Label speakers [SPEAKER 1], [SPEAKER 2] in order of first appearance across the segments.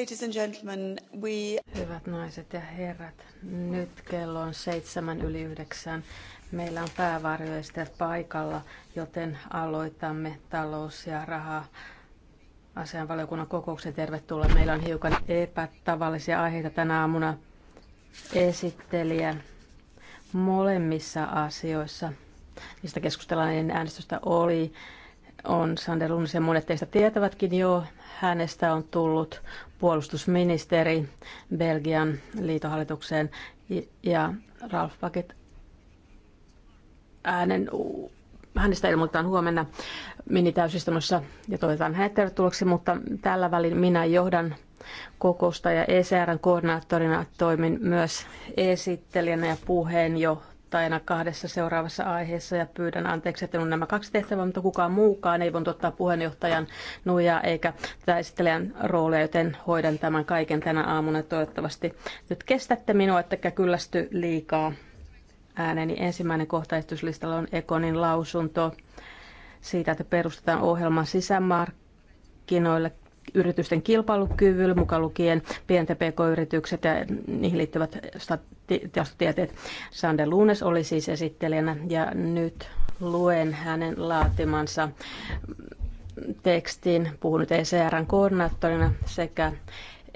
[SPEAKER 1] Ladies and gentlemen, we... Hyvät naiset ja herrat, nyt kello on seitsemän yli yhdeksän. Meillä on päävarjoistajat paikalla, joten aloitamme talous- ja raha asianvaliokunnan kokouksen. Tervetuloa. Meillä on hiukan epätavallisia aiheita tänä aamuna esittelijä molemmissa asioissa. mistä keskustellaan ennen äänestystä oli on Sander Lunes ja monet teistä tietävätkin jo. Hänestä on tullut puolustusministeri Belgian liitohallitukseen ja Ralf Paket äänen hänestä ilmoitetaan huomenna minitäysistunnossa ja toivotan hänet tervetulleeksi, mutta tällä välin minä johdan kokousta ja ECRn koordinaattorina toimin myös esittelijänä ja puheenjohtajana johtajana kahdessa seuraavassa aiheessa ja pyydän anteeksi, että on nämä kaksi tehtävää, mutta kukaan muukaan ei voinut ottaa puheenjohtajan nujaa eikä tätä esittelijän roolia, joten hoidan tämän kaiken tänä aamuna. Toivottavasti nyt kestätte minua, ettekä kyllästy liikaa ääneni. Ensimmäinen kohtaistuslistalla on Ekonin lausunto siitä, että perustetaan ohjelma sisämarkkinoille yritysten kilpailukyvylle mukaan lukien pienten pk-yritykset ja niihin liittyvät tilastotieteet. Sande Luunes oli siis esittelijänä ja nyt luen hänen laatimansa tekstin, puhun nyt ECRn koordinaattorina sekä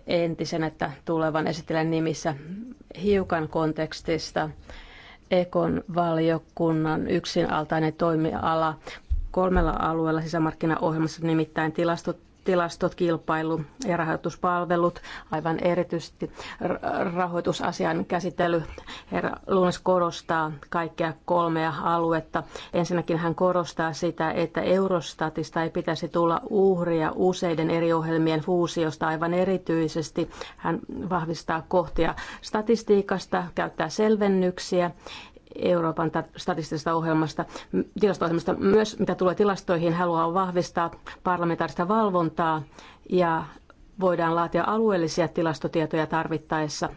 [SPEAKER 1] entisen että tulevan esittelijän nimissä hiukan kontekstista. Ekon valiokunnan yksinaltainen toimiala kolmella alueella sisämarkkinaohjelmassa, nimittäin tilastot, tilastot, kilpailu ja rahoituspalvelut, aivan erityisesti rahoitusasian käsittely. Herra Lunes korostaa kaikkea kolmea aluetta. Ensinnäkin hän korostaa sitä, että Eurostatista ei pitäisi tulla uhria useiden eri ohjelmien fuusiosta. Aivan erityisesti hän vahvistaa kohtia statistiikasta, käyttää selvennyksiä Euroopan statistisesta ohjelmasta, tilasto-ohjelmasta. Myös mitä tulee tilastoihin, haluaa vahvistaa parlamentaarista valvontaa ja voidaan laatia alueellisia tilastotietoja tarvittaessa.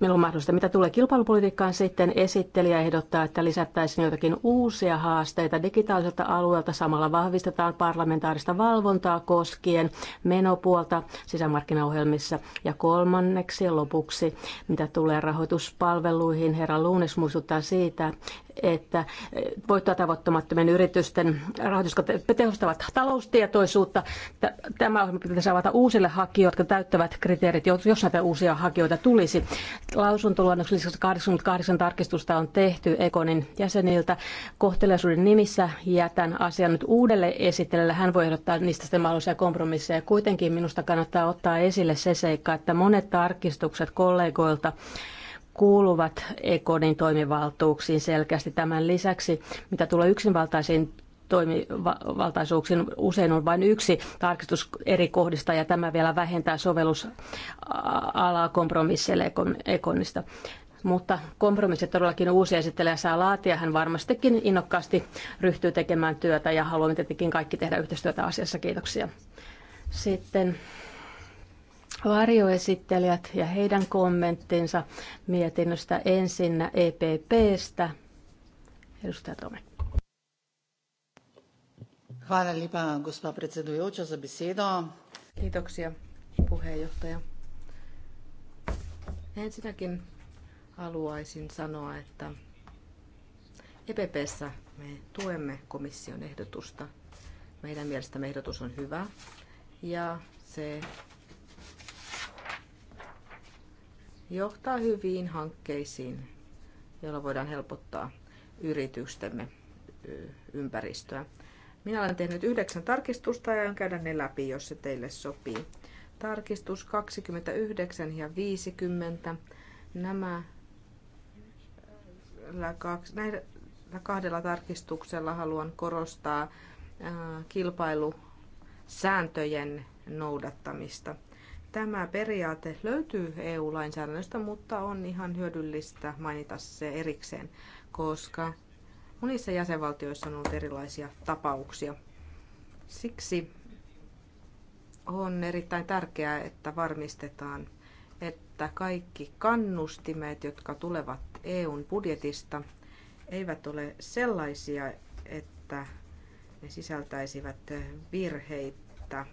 [SPEAKER 1] Meillä on mahdollista, mitä tulee kilpailupolitiikkaan sitten, esittelijä ehdottaa, että lisättäisiin jotakin uusia haasteita digitaaliselta alueelta. Samalla vahvistetaan parlamentaarista valvontaa koskien menopuolta sisämarkkinaohjelmissa. Ja kolmanneksi lopuksi, mitä tulee rahoituspalveluihin, herra Luunes muistuttaa siitä, että eh, voittoa tavoittamattomien yritysten rahoitus, tehostavat taloustietoisuutta. Tämä ohjelma pitäisi avata uusille hakijoille, jotka täyttävät kriteerit, jos näitä uusia hakijoita tulisi. Lausuntoluonnoksen lisäksi 88 tarkistusta on tehty Ekonin jäseniltä. Kohteliaisuuden nimissä jätän asian nyt uudelle esittelijälle. Hän voi ehdottaa niistä sitten mahdollisia kompromisseja. Kuitenkin minusta kannattaa ottaa esille se seikka, että monet tarkistukset kollegoilta kuuluvat Ekonin toimivaltuuksiin selkeästi. Tämän lisäksi, mitä tulee yksinvaltaisiin toimivaltaisuuksiin usein on vain yksi tarkistus eri kohdista ja tämä vielä vähentää sovellusalaa kompromisseille ekonista. Mutta kompromissit todellakin uusi esittelijä saa laatia. Hän varmastikin innokkaasti ryhtyy tekemään työtä ja haluamme tietenkin kaikki tehdä yhteistyötä asiassa. Kiitoksia. Sitten varjoesittelijät ja heidän kommenttinsa mietinnöstä ensinnä EPPstä. Edustaja Tome. Hvala
[SPEAKER 2] lepa, gospa predsedujoča, za besedo. Kiitoksia, puheenjohtaja. Ensinnäkin haluaisin sanoa, että EPPssä me tuemme komission ehdotusta. Meidän mielestämme ehdotus on hyvä ja se johtaa hyviin hankkeisiin, joilla voidaan helpottaa yritystemme ympäristöä. Minä olen tehnyt yhdeksän tarkistusta ja aion käydä ne läpi, jos se teille sopii. Tarkistus 29 ja 50. Nämä näillä kahdella tarkistuksella haluan korostaa kilpailusääntöjen noudattamista. Tämä periaate löytyy EU-lainsäädännöstä, mutta on ihan hyödyllistä mainita se erikseen, koska monissa jäsenvaltioissa on ollut erilaisia tapauksia. Siksi on erittäin tärkeää, että varmistetaan, että kaikki kannustimet, jotka tulevat EUn budjetista, eivät ole sellaisia, että ne sisältäisivät virheitä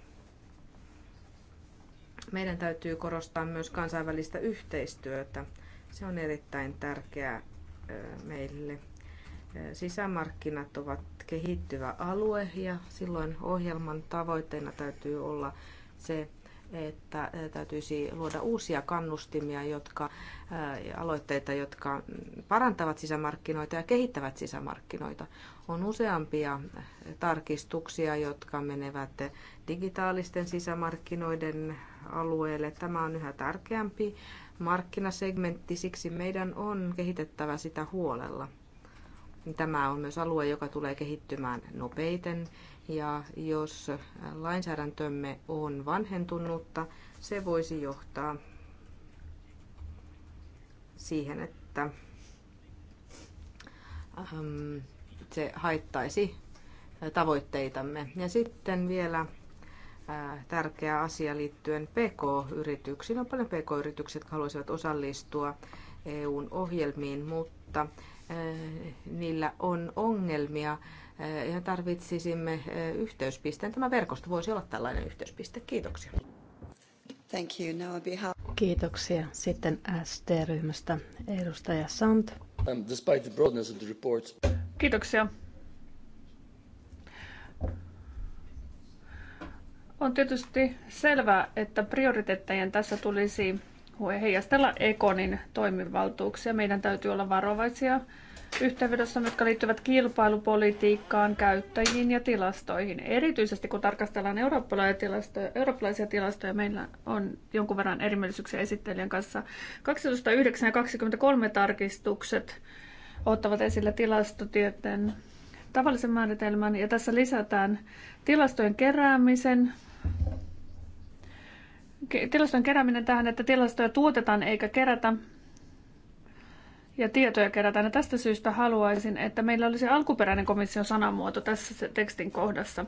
[SPEAKER 2] meidän täytyy korostaa myös kansainvälistä yhteistyötä. Se on erittäin tärkeää meille. Sisämarkkinat ovat kehittyvä alue ja silloin ohjelman tavoitteena täytyy olla se, että täytyisi luoda uusia kannustimia jotka, aloitteita, jotka parantavat sisämarkkinoita ja kehittävät sisämarkkinoita. On useampia tarkistuksia, jotka menevät digitaalisten sisämarkkinoiden alueelle. Tämä on yhä tärkeämpi markkinasegmentti, siksi meidän on kehitettävä sitä huolella. Tämä on myös alue, joka tulee kehittymään nopeiten ja jos lainsäädäntömme on vanhentunutta, se voisi johtaa siihen, että se haittaisi tavoitteitamme. Ja sitten vielä tärkeä asia liittyen PK-yrityksiin. On paljon PK-yrityksiä, jotka haluaisivat osallistua EUn ohjelmiin, mutta niillä on ongelmia ja tarvitsisimme yhteyspisteen. Tämä verkosto voisi olla tällainen yhteyspiste. Kiitoksia. Thank you. Now be
[SPEAKER 1] Kiitoksia. Sitten ST-ryhmästä edustaja Sant.
[SPEAKER 3] Um, despite the broadness of the report.
[SPEAKER 4] Kiitoksia. On tietysti selvää, että prioriteettejen tässä tulisi heijastella Ekonin toimivaltuuksia. Meidän täytyy olla varovaisia yhteenvedossa, jotka liittyvät kilpailupolitiikkaan, käyttäjiin ja tilastoihin. Erityisesti kun tarkastellaan eurooppalaisia tilastoja, eurooppalaisia tilastoja meillä on jonkun verran erimielisyyksiä esittelijän kanssa. 2009 ja 2023 tarkistukset ottavat esille tilastotieteen tavallisen määritelmän ja tässä lisätään tilastojen keräämisen, Tilastojen kerääminen tähän, että tilastoja tuotetaan eikä kerätä ja tietoja kerätään. Ja tästä syystä haluaisin, että meillä olisi alkuperäinen komission sanamuoto tässä tekstin kohdassa.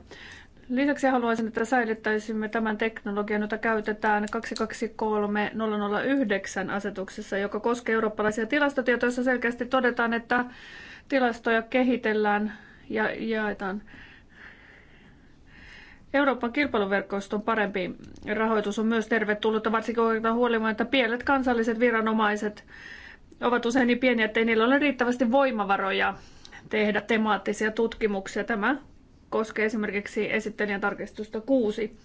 [SPEAKER 4] Lisäksi haluaisin, että säilyttäisimme tämän teknologian, jota käytetään 223009 asetuksessa, joka koskee eurooppalaisia tilastotietoja, jossa selkeästi todetaan, että tilastoja kehitellään ja jaetaan Euroopan kilpailuverkoston parempi rahoitus on myös tervetullutta, varsinkin oikeastaan huolimatta, että pienet kansalliset viranomaiset ovat usein niin pieniä, että ei niillä ole riittävästi voimavaroja tehdä temaattisia tutkimuksia. Tämä koskee esimerkiksi esittelijän tarkistusta 6.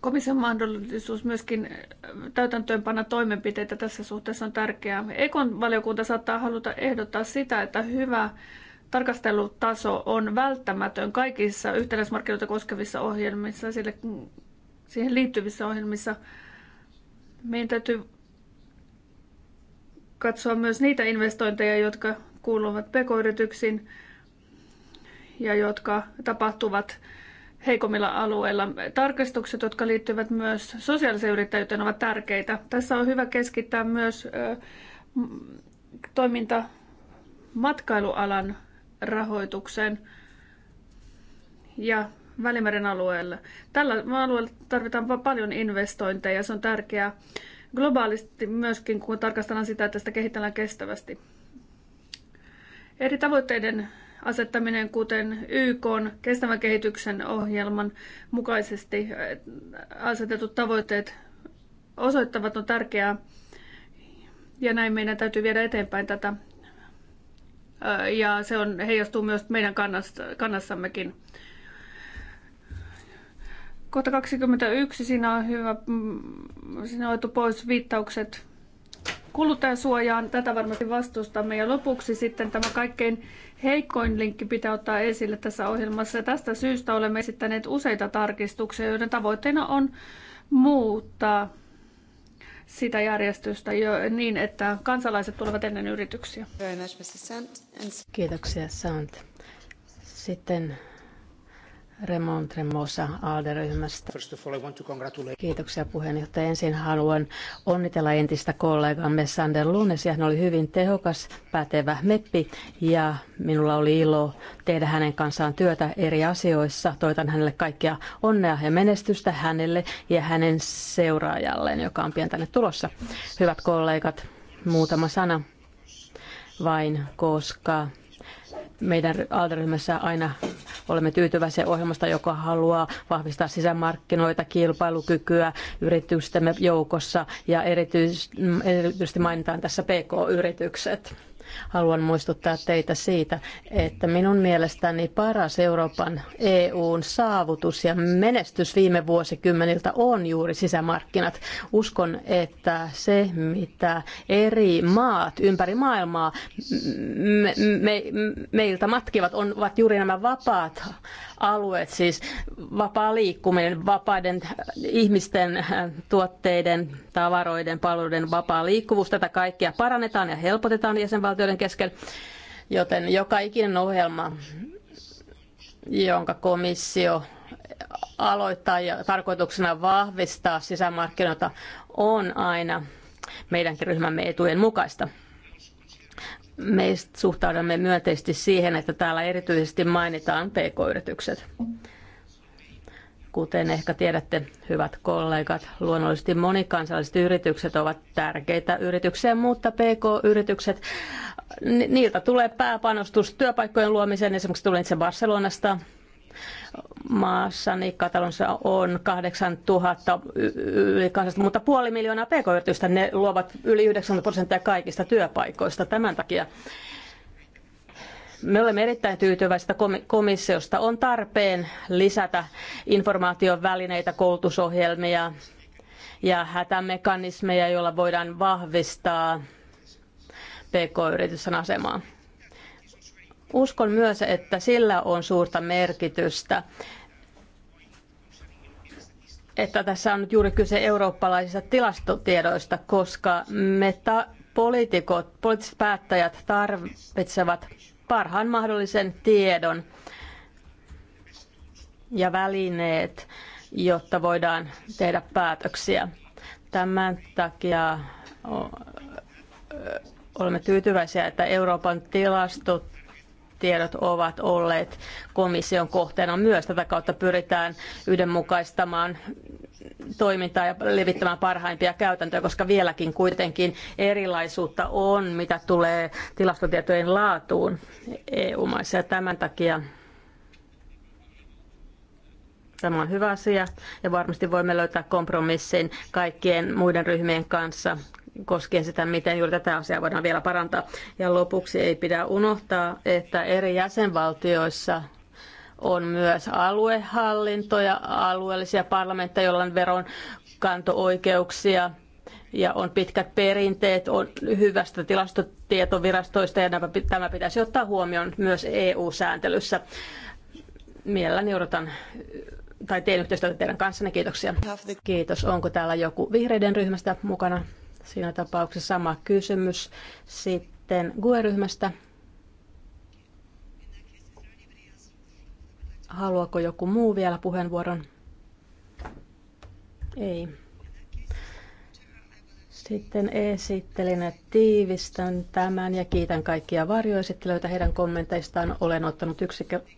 [SPEAKER 4] Komission mahdollisuus myöskin täytäntöönpanna toimenpiteitä tässä suhteessa on tärkeää. Ekon valiokunta saattaa haluta ehdottaa sitä, että hyvä tarkastelutaso on välttämätön kaikissa yhtenäismarkkinoita koskevissa ohjelmissa, sille, siihen liittyvissä ohjelmissa. Meidän täytyy katsoa myös niitä investointeja, jotka kuuluvat pk ja jotka tapahtuvat heikommilla alueilla. Tarkastukset, jotka liittyvät myös sosiaaliseen yrittäjyyteen, ovat tärkeitä. Tässä on hyvä keskittää myös toiminta matkailualan rahoitukseen ja Välimeren alueelle. Tällä alueella tarvitaan paljon investointeja ja se on tärkeää globaalisti myöskin, kun tarkastellaan sitä, että sitä kehitellään kestävästi. Eri tavoitteiden asettaminen, kuten YK kestävän kehityksen ohjelman mukaisesti äh, asetetut tavoitteet osoittavat on tärkeää. Ja näin meidän täytyy viedä eteenpäin tätä ja se on, heijastuu myös meidän kannassammekin. Kohta 21, siinä on hyvä, mm, siinä on otettu pois viittaukset kuluttajasuojaan. Tätä varmasti vastustamme. Ja lopuksi sitten tämä kaikkein heikoin linkki pitää ottaa esille tässä ohjelmassa. Tästä syystä olemme esittäneet useita tarkistuksia, joiden tavoitteena on muuttaa sitä järjestystä jo niin, että kansalaiset tulevat ennen yrityksiä.
[SPEAKER 1] Kiitoksia Sant. Sitten Remon Tremosa ALDE-ryhmästä. Kiitoksia puheenjohtaja. Ensin haluan onnitella entistä kollegamme Sander Lunesia. Hän oli hyvin tehokas, pätevä meppi ja minulla oli ilo tehdä hänen kanssaan työtä eri asioissa. Toitan hänelle kaikkea onnea ja menestystä hänelle ja hänen seuraajalleen, joka on pian tänne tulossa. Hyvät kollegat, muutama sana vain, koska meidän alderyhmässä aina olemme tyytyväisiä ohjelmasta, joka haluaa vahvistaa sisämarkkinoita, kilpailukykyä yritystemme joukossa ja erityisesti mainitaan tässä PK-yritykset haluan muistuttaa teitä siitä, että minun mielestäni paras Euroopan EUn saavutus ja menestys viime vuosikymmeniltä on juuri sisämarkkinat. Uskon, että se, mitä eri maat ympäri maailmaa me, me, meiltä matkivat, on, ovat juuri nämä vapaat alueet, siis vapaa liikkuminen, vapaiden äh, ihmisten äh, tuotteiden, tavaroiden, palveluiden vapaa liikkuvuus, tätä kaikkea parannetaan ja helpotetaan jäsenvaltioiden kesken, joten joka ikinen ohjelma, jonka komissio aloittaa ja tarkoituksena vahvistaa sisämarkkinoita on aina meidänkin ryhmämme etujen mukaista me suhtaudumme myönteisesti siihen, että täällä erityisesti mainitaan pk-yritykset. Kuten ehkä tiedätte, hyvät kollegat, luonnollisesti monikansalliset yritykset ovat tärkeitä yrityksiä, mutta pk-yritykset, niiltä tulee pääpanostus työpaikkojen luomiseen. Esimerkiksi tulin itse Barcelonasta, maassani Katalonissa on 8000 yli 800, mutta puoli miljoonaa pk-yritystä, ne luovat yli 90 prosenttia kaikista työpaikoista. Tämän takia me olemme erittäin tyytyväisiä, että komissiosta on tarpeen lisätä informaation välineitä, koulutusohjelmia ja hätämekanismeja, joilla voidaan vahvistaa pk-yritysten asemaa. Uskon myös, että sillä on suurta merkitystä, että tässä on nyt juuri kyse eurooppalaisista tilastotiedoista, koska me ta- poliitikot, poliittiset päättäjät tarvitsevat parhaan mahdollisen tiedon ja välineet, jotta voidaan tehdä päätöksiä. Tämän takia olemme tyytyväisiä, että Euroopan tilastot tiedot ovat olleet komission kohteena myös. Tätä kautta pyritään yhdenmukaistamaan toimintaa ja levittämään parhaimpia käytäntöjä, koska vieläkin kuitenkin erilaisuutta on, mitä tulee tilastotietojen laatuun EU-maissa. Ja tämän takia Tämä on hyvä asia ja varmasti voimme löytää kompromissin kaikkien muiden ryhmien kanssa koskien sitä, miten juuri tätä asiaa voidaan vielä parantaa. Ja lopuksi ei pidä unohtaa, että eri jäsenvaltioissa on myös aluehallintoja, alueellisia parlamentteja, joilla on veronkanto-oikeuksia ja on pitkät perinteet on hyvästä tilastotietovirastoista ja tämä pitäisi ottaa huomioon myös EU-sääntelyssä. Mielelläni odotan tai teen yhteistyötä teidän kanssanne. Kiitoksia. Kiitos. Onko täällä joku vihreiden ryhmästä mukana? Siinä tapauksessa sama kysymys sitten GUE-ryhmästä. Haluaako joku muu vielä puheenvuoron? Ei. Sitten esittelin, tiivistän tämän ja kiitän kaikkia varjoesittelijöitä heidän kommenteistaan. Olen ottanut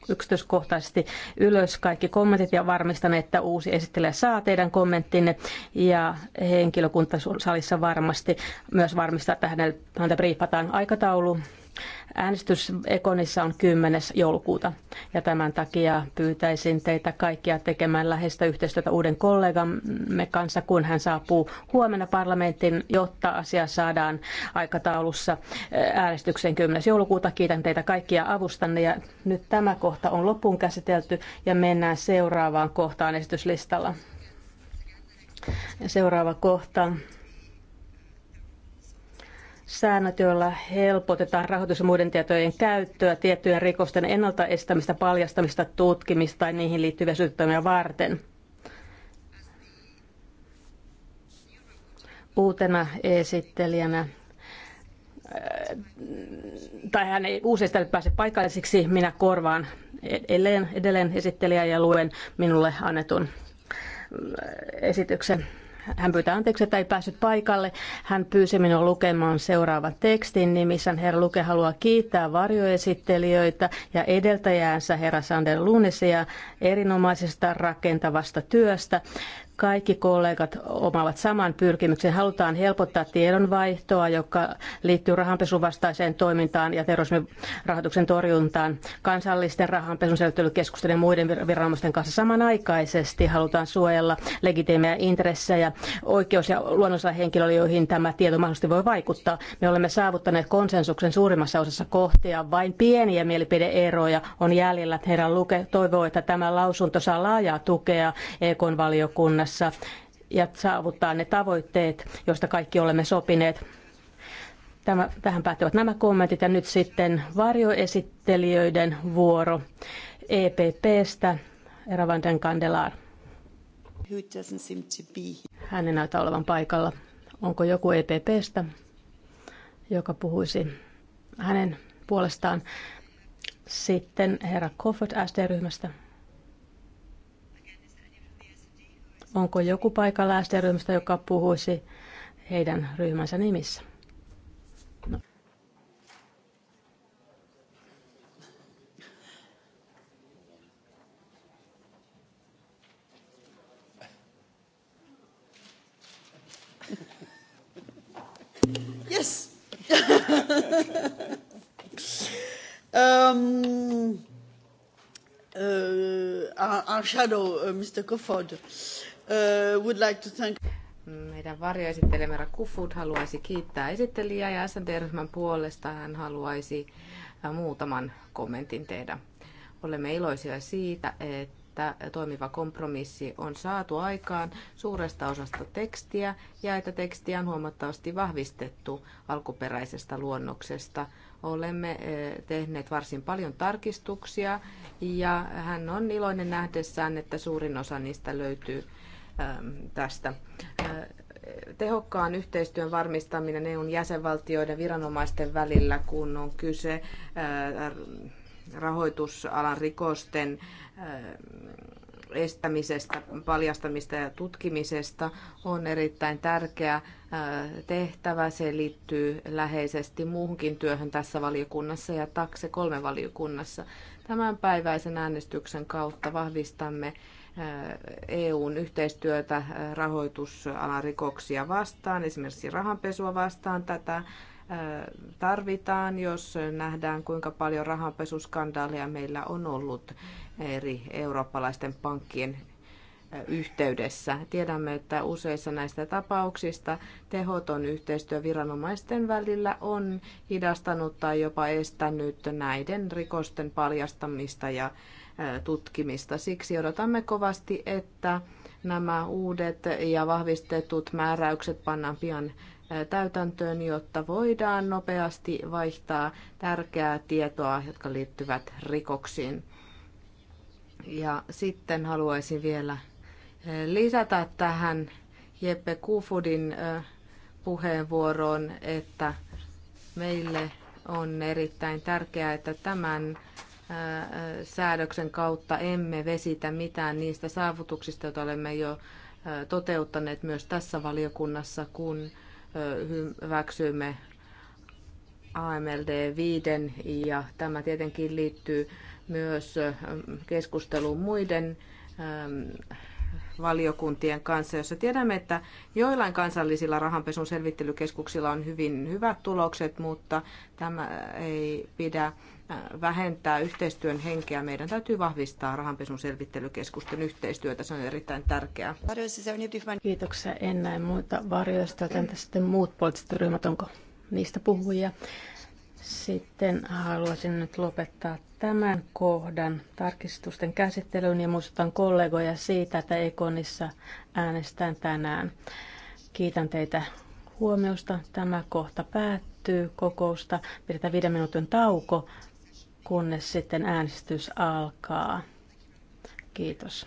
[SPEAKER 1] yksityiskohtaisesti ylös kaikki kommentit ja varmistan, että uusi esittelijä saa teidän kommenttinne ja henkilökunta salissa varmasti myös varmistaa, että häntä briefataan aikataulu Äänestys Ekonissa on 10. joulukuuta ja tämän takia pyytäisin teitä kaikkia tekemään läheistä yhteistyötä uuden kollegamme kanssa, kun hän saapuu huomenna parlamentin, jotta asia saadaan aikataulussa eh, äänestykseen 10. joulukuuta. Kiitän teitä kaikkia avustanne ja nyt tämä kohta on loppuun käsitelty ja mennään seuraavaan kohtaan esityslistalla. Seuraava kohta säännöt, joilla helpotetaan rahoitus- ja muiden tietojen käyttöä tiettyjen rikosten ennaltaestämistä, paljastamista, tutkimista tai niihin liittyviä syyttämiä varten. Uutena esittelijänä äh, tai hän ei uusista pääse paikalle, minä korvaan e- edelleen, edelleen esittelijä ja luen minulle annetun äh, esityksen. Hän pyytää anteeksi, että ei päässyt paikalle. Hän pyysi minua lukemaan seuraavan tekstin nimissä Herra Luke haluaa kiittää varjoesittelijöitä ja edeltäjäänsä herra Sander Lunesia erinomaisesta rakentavasta työstä. Kaikki kollegat omaavat saman pyrkimyksen. Halutaan helpottaa tiedonvaihtoa, joka liittyy rahanpesun vastaiseen toimintaan ja terrorismin rahoituksen torjuntaan kansallisten rahanpesun selvittelykeskusten ja muiden viranomaisten kanssa samanaikaisesti. Halutaan suojella legitiimejä intressejä, oikeus- ja luonnollisilla henkilöillä, joihin tämä tieto mahdollisesti voi vaikuttaa. Me olemme saavuttaneet konsensuksen suurimmassa osassa kohtia. Vain pieniä mielipideeroja on jäljellä. Herra Luke toivoo, että tämä lausunto saa laajaa tukea EK-valiokunnassa kanssa ja saavuttaa ne tavoitteet, joista kaikki olemme sopineet. Tämä, tähän päättyvät nämä kommentit ja nyt sitten varjoesittelijöiden vuoro EPPstä, Era van den Kandelaar. Hän ei näytä olevan paikalla. Onko joku EPPstä, joka puhuisi hänen puolestaan? Sitten herra Koffert SD-ryhmästä. Onko joku paikalla ST-ryhmästä, joka puhuisi heidän ryhmänsä nimissä? No.
[SPEAKER 3] Yes. um, uh,
[SPEAKER 2] our, our shadow, uh, Mr. Kofod. Uh, Uh, would like to thank... Meidän varjoesittelemä Kufut haluaisi kiittää esittelijää ja SNT-ryhmän puolesta hän haluaisi muutaman kommentin tehdä. Olemme iloisia siitä, että toimiva kompromissi on saatu aikaan suuresta osasta tekstiä ja että tekstiä on huomattavasti vahvistettu alkuperäisestä luonnoksesta. Olemme tehneet varsin paljon tarkistuksia ja hän on iloinen nähdessään, että suurin osa niistä löytyy Ähm, tästä. Äh, tehokkaan yhteistyön varmistaminen EUn jäsenvaltioiden viranomaisten välillä, kun on kyse äh, rahoitusalan rikosten äh, estämisestä, paljastamista ja tutkimisesta on erittäin tärkeä tehtävä. Se liittyy läheisesti muuhunkin työhön tässä valiokunnassa ja takse kolme valiokunnassa. Tämänpäiväisen äänestyksen kautta vahvistamme EUn yhteistyötä rahoitusalan rikoksia vastaan, esimerkiksi rahanpesua vastaan. Tätä tarvitaan, jos nähdään kuinka paljon rahanpesuskandaaleja meillä on ollut eri eurooppalaisten pankkien yhteydessä. Tiedämme, että useissa näistä tapauksista tehoton yhteistyö viranomaisten välillä on hidastanut tai jopa estänyt näiden rikosten paljastamista ja tutkimista. Siksi odotamme kovasti, että nämä uudet ja vahvistetut määräykset pannaan pian täytäntöön, jotta voidaan nopeasti vaihtaa tärkeää tietoa, jotka liittyvät rikoksiin. Ja sitten haluaisin vielä lisätä tähän Jeppe Kufudin puheenvuoroon, että meille on erittäin tärkeää, että tämän säädöksen kautta emme vesitä mitään niistä saavutuksista, joita olemme jo toteuttaneet myös tässä valiokunnassa, kun hyväksyimme AMLD 5 ja tämä tietenkin liittyy myös keskusteluun muiden valiokuntien kanssa, jossa tiedämme, että joillain kansallisilla rahanpesun selvittelykeskuksilla on hyvin hyvät tulokset, mutta tämä ei pidä Äh, vähentää yhteistyön henkeä. Meidän täytyy vahvistaa rahanpesun selvittelykeskusten yhteistyötä. Se on erittäin tärkeää.
[SPEAKER 1] Kiitoksia. En näe muita varjoista, joten sitten muut poliittiset ryhmät, onko niistä puhujia? Sitten haluaisin nyt lopettaa tämän kohdan tarkistusten käsittelyyn ja muistutan kollegoja siitä, että Ekonissa äänestään tänään. Kiitän teitä huomiosta. Tämä kohta päättyy kokousta. Pidetään viiden minuutin tauko kunnes sitten äänestys alkaa. Kiitos.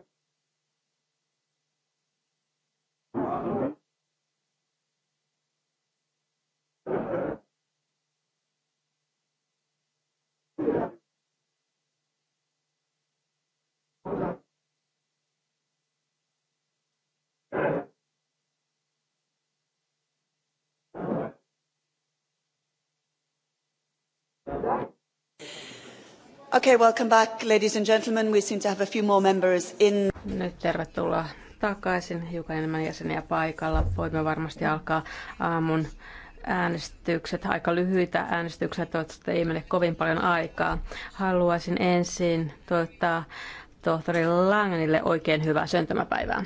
[SPEAKER 5] Okay, welcome back, ladies and gentlemen. We seem to have a few more members in.
[SPEAKER 1] Nyt tervetuloa takaisin, hiukan enemmän jäseniä paikalla. Voimme varmasti alkaa aamun äänestykset, aika lyhyitä äänestyksiä, toivottavasti ei mene kovin paljon aikaa. Haluaisin ensin toivottaa tohtori Langenille oikein
[SPEAKER 5] hyvää syntymäpäivää.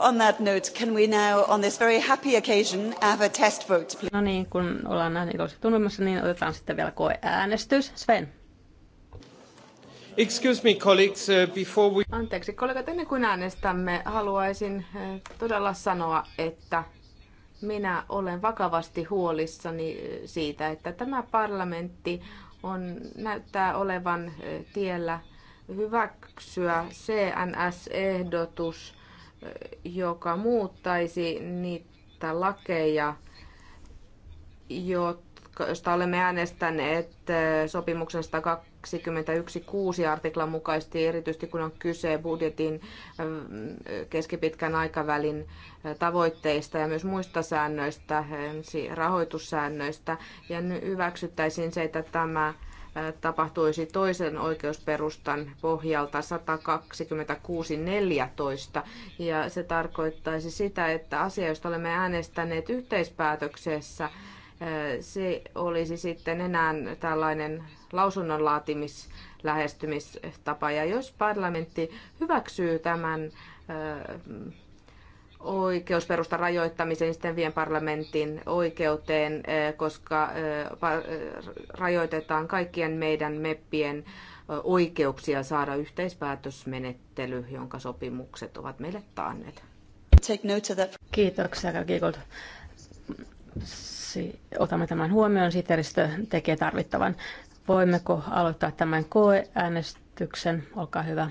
[SPEAKER 5] on that note, can we now, on this very happy occasion, have a
[SPEAKER 1] test vote, please? No niin, kun ollaan näin iloisesti tunnelmassa, niin otetaan sitten vielä koeäänestys. Sven.
[SPEAKER 2] Excuse me, colleagues, uh, before we... Anteeksi, kollegat, ennen kuin äänestämme, haluaisin uh, todella sanoa, että minä olen vakavasti huolissani uh, siitä, että tämä parlamentti on, näyttää olevan tiellä hyväksyä CNS-ehdotus, joka muuttaisi niitä lakeja, joista olemme äänestäneet sopimuksen 121.6 artiklan mukaisesti, erityisesti kun on kyse budjetin keskipitkän aikavälin tavoitteista ja myös muista säännöistä, rahoitussäännöistä. Ja nyt hyväksyttäisiin se, että tämä tapahtuisi toisen oikeusperustan pohjalta 126.14. Ja se tarkoittaisi sitä, että asia, josta olemme äänestäneet yhteispäätöksessä, eh, se olisi sitten enää tällainen lausunnon laatimis lähestymistapa. Ja jos parlamentti hyväksyy tämän eh, oikeusperusta rajoittamiseen, sitten vien parlamentin oikeuteen, eh, koska eh, eh, rajoitetaan kaikkien meidän meppien oikeuksia saada yhteispäätösmenettely, jonka sopimukset ovat meille taanneet.
[SPEAKER 5] Take note of that. Kiitoksia, Giggold.
[SPEAKER 1] Otamme tämän huomioon, Siteristö tekee tarvittavan. Voimmeko aloittaa tämän koeäänestyksen? Olkaa hyvä.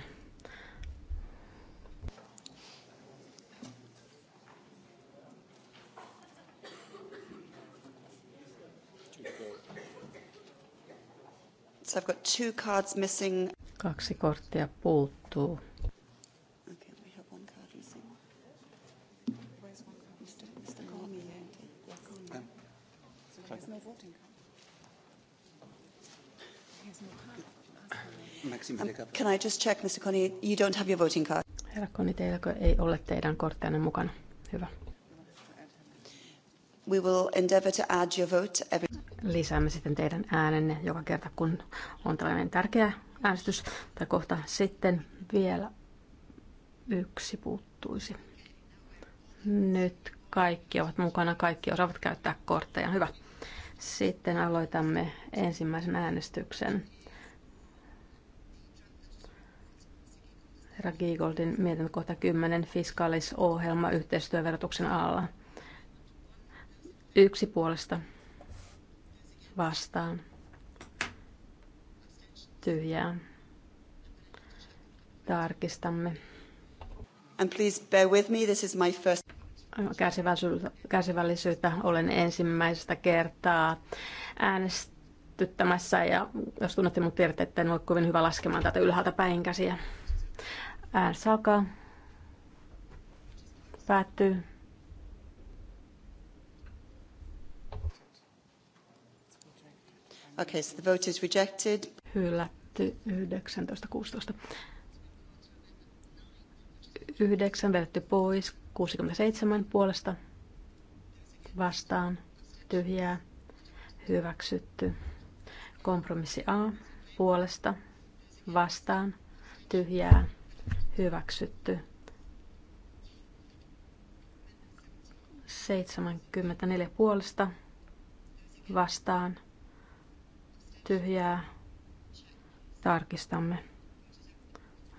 [SPEAKER 5] cards. I've got two cards missing. Kaksi korttia puuttuu. Mr. No no um, can I just check, Mr. Connie, you don't have your voting card? Herra Connie,
[SPEAKER 1] teilläkö ei ole teidän korttianne mukana? Hyvä.
[SPEAKER 5] We will endeavour to add your vote every
[SPEAKER 1] lisäämme sitten teidän äänenne joka kerta, kun on tällainen tärkeä äänestys tai kohta sitten vielä yksi puuttuisi. Nyt kaikki ovat mukana, kaikki osaavat käyttää kortteja. Hyvä. Sitten aloitamme ensimmäisen äänestyksen. Herra Giegoldin mietintö kohta 10, fiskaalisohjelma yhteistyöverotuksen alla. Yksi puolesta vastaan tyhjää. Tarkistamme.
[SPEAKER 5] And please bear with me, this is my first...
[SPEAKER 1] Kärsivällisyyttä olen ensimmäistä kertaa äänestyttämässä ja jos tunnette mut tiedätte, että en ole kovin hyvä laskemaan tätä ylhäältä päin käsiä. Äänestys alkaa.
[SPEAKER 5] Päättyy. Okay, so the vote is rejected. Hylätty 19.16.
[SPEAKER 1] 9 vedetty pois, 67 puolesta vastaan, tyhjää, hyväksytty. Kompromissi A puolesta vastaan, tyhjää, hyväksytty. 74 puolesta vastaan, tyhjää. Tarkistamme.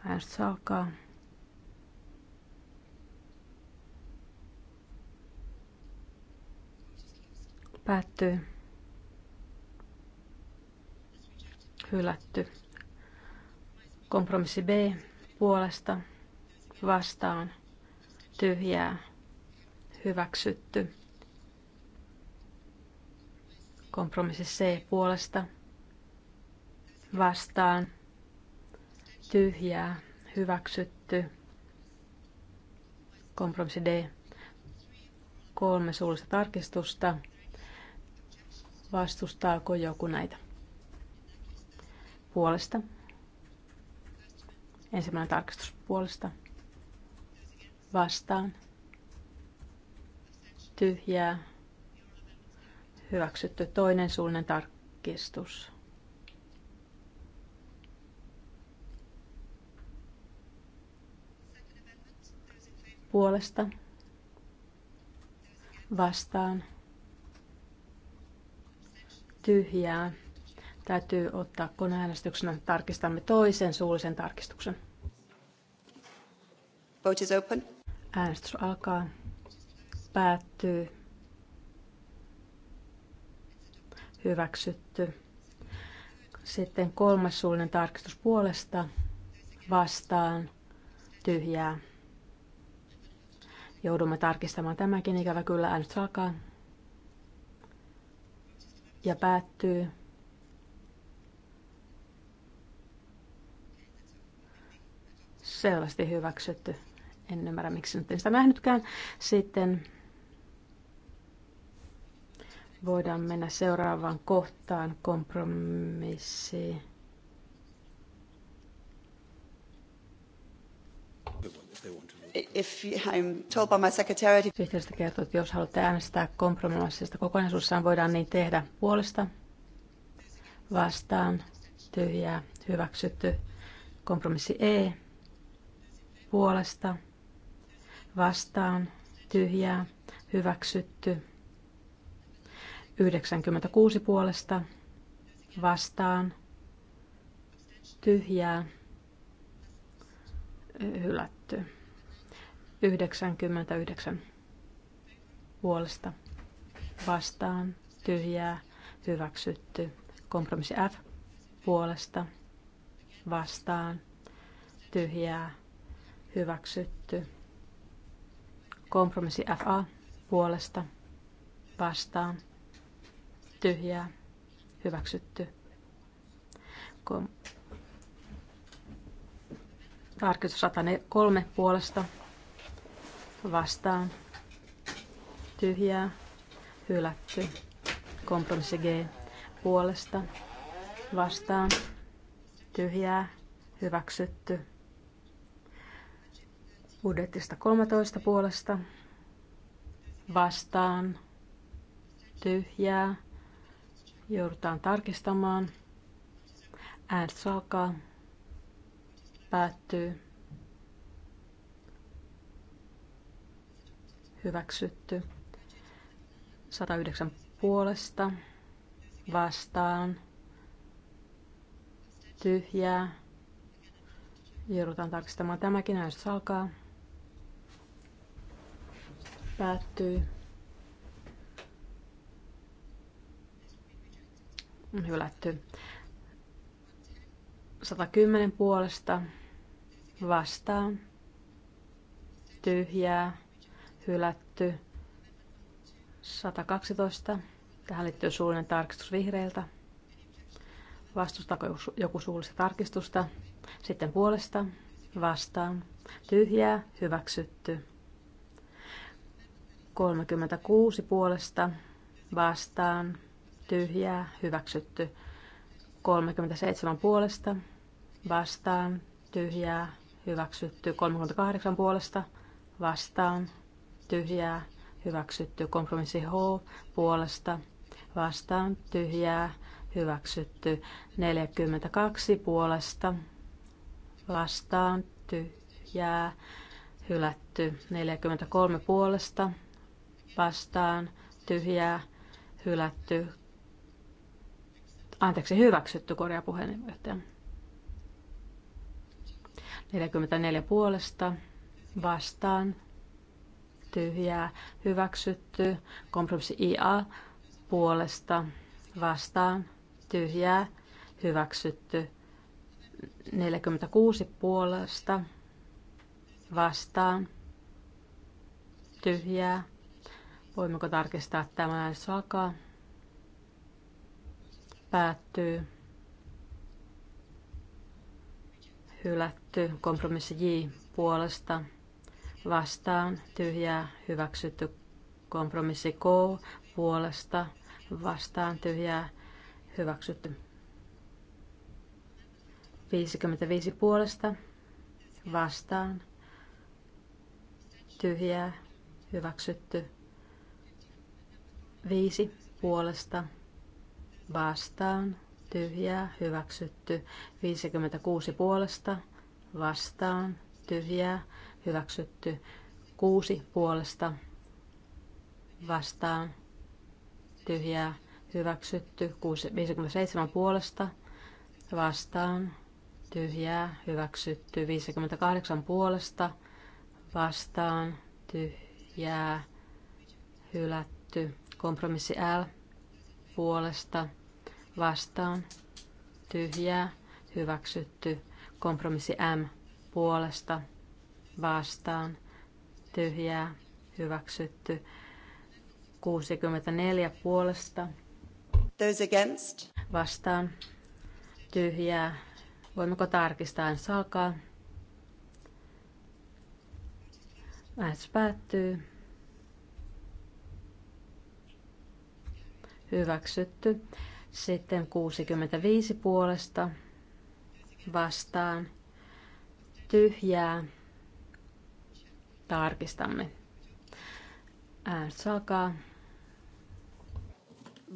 [SPEAKER 1] Äänestys alkaa. Päättyy. Hylätty. Kompromissi B puolesta vastaan tyhjää hyväksytty. Kompromissi C puolesta vastaan tyhjää hyväksytty. Kompromissi D. Kolme suullista tarkistusta. Vastustaako joku näitä? Puolesta. Ensimmäinen tarkistus puolesta. Vastaan. Tyhjää. Hyväksytty toinen suullinen tarkistus puolesta vastaan tyhjää. Täytyy ottaa koneäänestyksenä. Tarkistamme toisen suullisen tarkistuksen.
[SPEAKER 5] Vote is open.
[SPEAKER 1] Äänestys alkaa. Päättyy. Hyväksytty. Sitten kolmas suullinen tarkistus puolesta vastaan tyhjää Joudumme tarkistamaan tämäkin, ikävä kyllä äänestys alkaa ja päättyy. Selvästi hyväksytty. En ymmärrä, miksi nyt en sitä nähnytkään. Sitten voidaan mennä seuraavaan kohtaan kompromissi
[SPEAKER 5] if I'm told by my secretary... Sihteeristä kertoo, että jos haluatte äänestää kompromissista
[SPEAKER 1] kokonaisuudessaan, voidaan niin tehdä puolesta, vastaan, tyhjää, hyväksytty, kompromissi E, puolesta, vastaan, tyhjää, hyväksytty, 96 puolesta, vastaan, tyhjää, hylätty. 99 puolesta vastaan tyhjää hyväksytty. Kompromissi F puolesta vastaan tyhjää hyväksytty. Kompromissi FA puolesta vastaan tyhjää hyväksytty. Kom- Tarkistus 103 puolesta vastaan tyhjää hylätty. Kompromissi G puolesta vastaan tyhjää hyväksytty. Budjetista 13 puolesta vastaan tyhjää. Joudutaan tarkistamaan. Äänestys alkaa. Päättyy. hyväksytty. 109 puolesta vastaan tyhjää. Joudutaan tarkistamaan tämäkin jos alkaa. Päättyy. Hylätty. 110 puolesta vastaan tyhjää hylätty 112. Tähän liittyy suullinen tarkistus vihreiltä. Vastustako joku suullista tarkistusta? Sitten puolesta, vastaan, tyhjää, hyväksytty. 36 puolesta, vastaan, tyhjää, hyväksytty. 37 puolesta, vastaan, tyhjää, hyväksytty. 38 puolesta, vastaan, tyhjää, hyväksytty. Kompromissi H puolesta vastaan tyhjää, hyväksytty. 42 puolesta vastaan tyhjää, hylätty. 43 puolesta vastaan tyhjää, hylätty. Anteeksi, hyväksytty puheenjohtaja. 44 puolesta vastaan tyhjää hyväksytty. Kompromissi IA puolesta vastaan tyhjää hyväksytty. 46 puolesta vastaan tyhjää. Voimmeko tarkistaa tämän saka? Päättyy. Hylätty. Kompromissi J puolesta vastaan tyhjää hyväksytty kompromissi K puolesta vastaan tyhjää hyväksytty 55 puolesta vastaan tyhjää hyväksytty 5 puolesta vastaan tyhjää hyväksytty 56 puolesta vastaan tyhjää hyväksytty. Kuusi puolesta vastaan tyhjää hyväksytty. 57 puolesta vastaan tyhjää hyväksytty. 58 puolesta vastaan tyhjää hylätty. Kompromissi L puolesta vastaan tyhjää hyväksytty. Kompromissi M puolesta vastaan tyhjää hyväksytty. 64 puolesta. Those against. Vastaan tyhjää. Voimmeko tarkistaa ensi alkaa? Äänestys päättyy. Hyväksytty. Sitten 65 puolesta vastaan tyhjää Tarkistamme. Äänestys alkaa.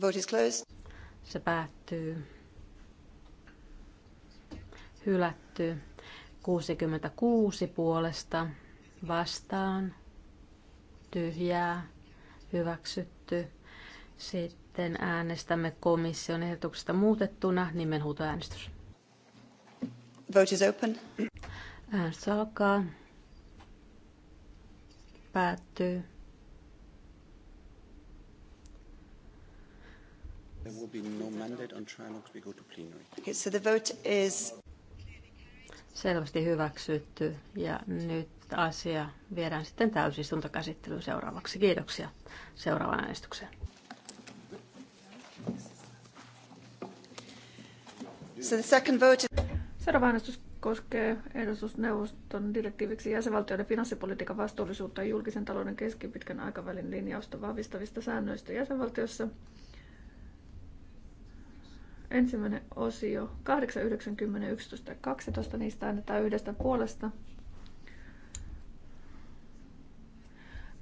[SPEAKER 5] Vote is closed. Se
[SPEAKER 1] päättyy. Hylätty. 66 puolesta vastaan. Tyhjää. Hyväksytty. Sitten äänestämme komission ehdotuksesta muutettuna nimenhuutoäänestys.
[SPEAKER 5] Vote is open. Äänestys alkaa. Päättyy. No
[SPEAKER 1] Selvästi hyväksytty ja nyt asia viedään sitten täysistuntokäsittelyyn seuraavaksi. Kiitoksia seuraavaan äänestykseen.
[SPEAKER 3] So the
[SPEAKER 4] second vote is... Seuraava äänestys koskee ehdotusneuvoston direktiiviksi jäsenvaltioiden finanssipolitiikan vastuullisuutta ja julkisen talouden keskipitkän aikavälin linjausta vahvistavista säännöistä jäsenvaltiossa. Ensimmäinen osio 8, 90, 11 ja 12. Niistä annetaan yhdestä puolesta.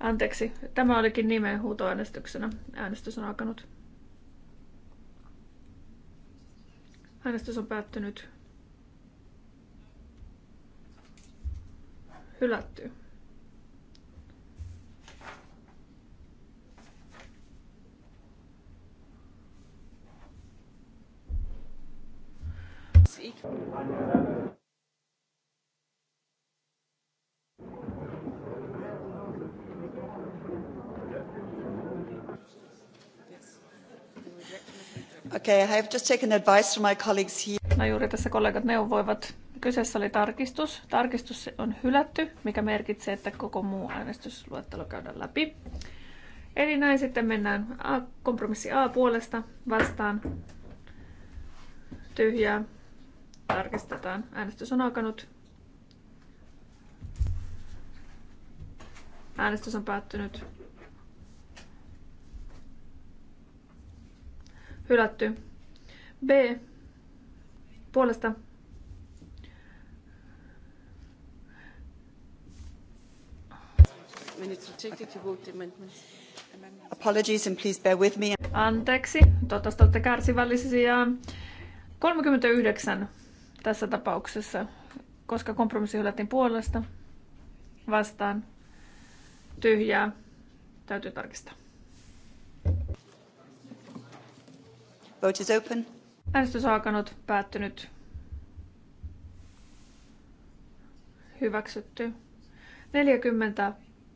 [SPEAKER 4] Anteeksi, tämä olikin nimeen huutoäänestyksenä. Äänestys on alkanut. Äänestys on päättynyt. hylättyä. Okay, I have just taken advice from my colleagues here. No juuri tässä kollegat neuvoivat Kyseessä oli tarkistus. Tarkistus on hylätty, mikä merkitsee, että koko muu äänestysluettelo käydään läpi. Eli näin sitten mennään A, kompromissi A puolesta vastaan tyhjää. Tarkistetaan. Äänestys on alkanut. Äänestys on päättynyt. Hylätty. B puolesta Apologies and please bear with me. Anteeksi, toivottavasti olette kärsivällisiä. 39 tässä tapauksessa, koska kompromissi hylättiin puolesta vastaan tyhjää. Täytyy tarkistaa. Vote is open. Äänestys on alkanut, päättynyt. Hyväksytty. 40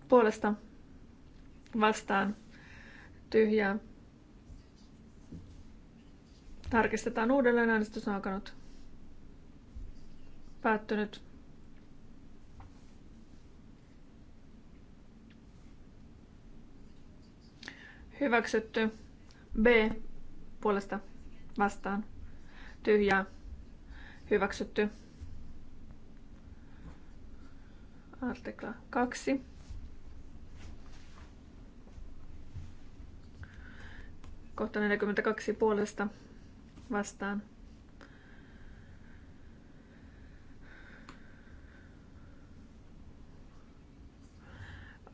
[SPEAKER 4] puolesta vastaan tyhjää. Tarkistetaan uudelleen. Äänestys on alkanut. Päättynyt. Hyväksytty. B. Puolesta vastaan. Tyhjää. Hyväksytty. Artikla 2. Kohta 42 puolesta vastaan.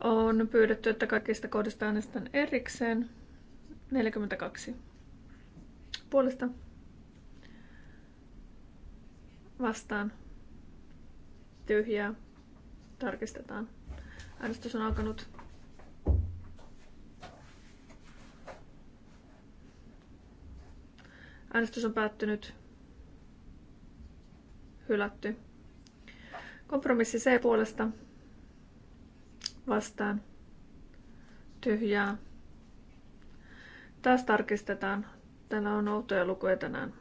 [SPEAKER 4] On pyydetty, että kaikista kohdista äänestän erikseen. 42 puolesta vastaan tyhjää. Tarkistetaan. Äänestys on alkanut. Äänestys on päättynyt. Hylätty. Kompromissi C puolesta. Vastaan. Tyhjää. Taas tarkistetaan. Täällä on outoja lukuja tänään.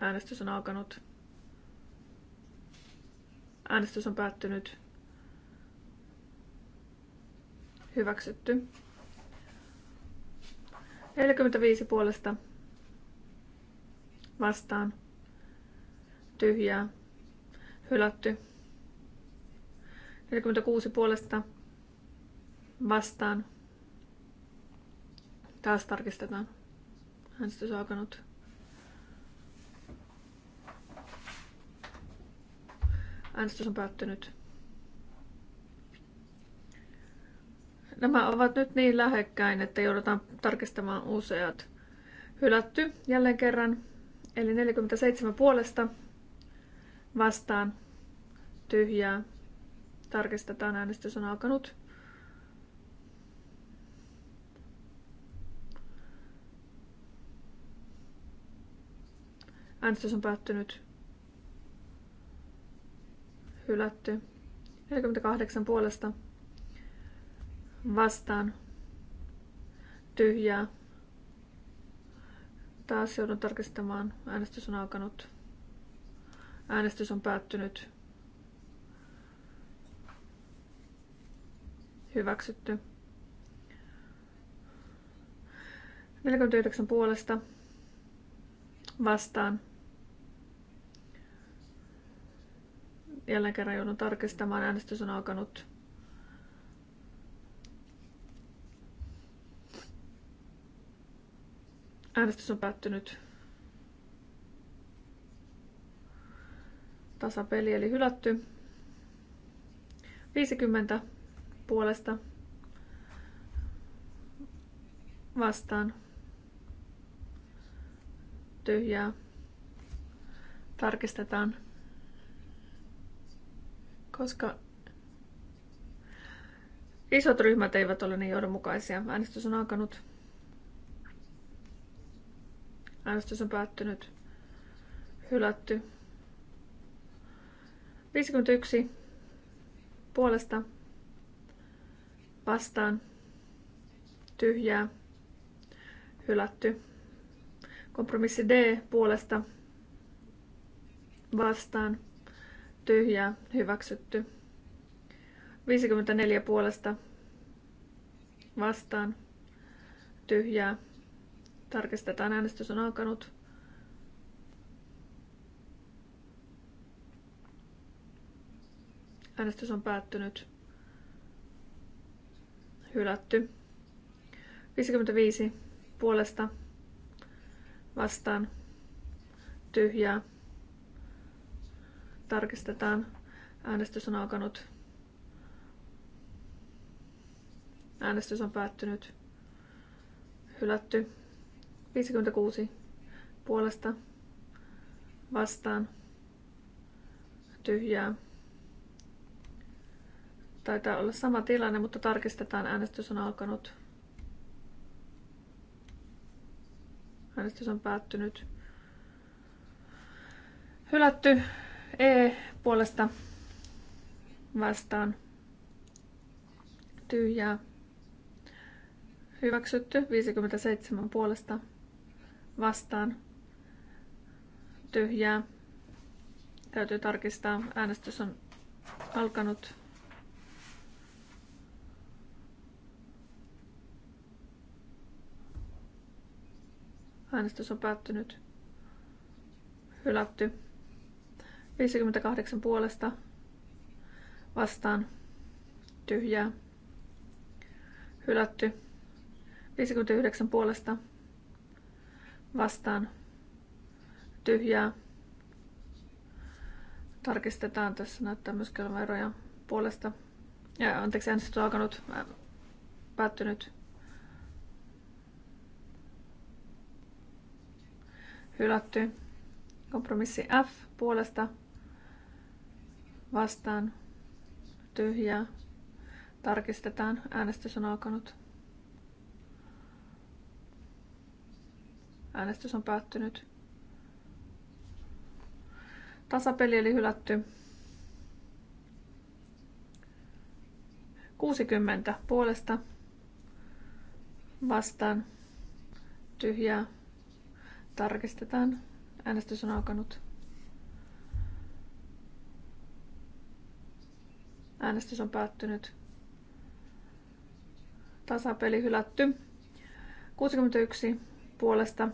[SPEAKER 4] Äänestys on alkanut. Äänestys on päättynyt. Hyväksytty. 45 puolesta vastaan tyhjää hylätty. 46 puolesta vastaan. Taas tarkistetaan. Äänestys on alkanut. Äänestys on päättynyt. Nämä ovat nyt niin lähekkäin, että joudutaan tarkistamaan useat. Hylätty jälleen kerran. Eli 47 puolesta vastaan tyhjää. Tarkistetaan, äänestys on alkanut. Äänestys on päättynyt. Hylätty. 48 puolesta vastaan tyhjää Taas joudun tarkistamaan. Äänestys on alkanut. Äänestys on päättynyt. Hyväksytty. 49 puolesta vastaan. Jälleen kerran joudun tarkistamaan. Äänestys on alkanut. Äänestys on päättynyt. Tasapeli eli hylätty. 50 puolesta vastaan tyhjää. Tarkistetaan, koska isot ryhmät eivät ole niin johdonmukaisia. Äänestys on alkanut. Äänestys on päättynyt. Hylätty. 51 puolesta vastaan tyhjää hylätty. Kompromissi D puolesta vastaan tyhjää hyväksytty. 54 puolesta vastaan tyhjää Tarkistetaan, äänestys on alkanut. Äänestys on päättynyt. Hylätty. 55 puolesta vastaan tyhjää. Tarkistetaan. Äänestys on alkanut. Äänestys on päättynyt. Hylätty. 56 puolesta vastaan tyhjää. Taitaa olla sama tilanne, mutta tarkistetaan. Äänestys on alkanut. Äänestys on päättynyt. Hylätty E puolesta vastaan tyhjää. Hyväksytty 57 puolesta vastaan tyhjää. Täytyy tarkistaa. Äänestys on alkanut. Äänestys on päättynyt. Hylätty. 58 puolesta vastaan tyhjää. Hylätty. 59 puolesta vastaan tyhjää. Tarkistetaan, tässä näyttää myös kelmaeroja puolesta. Ja, anteeksi, äänestys on alkanut, päättynyt. Hylätty. Kompromissi F puolesta vastaan tyhjää. Tarkistetaan, äänestys on alkanut. Äänestys on päättynyt. Tasapeli eli hylätty. 60 puolesta vastaan tyhjää. Tarkistetaan. Äänestys on alkanut. Äänestys on päättynyt. Tasapeli hylätty. 61 puolesta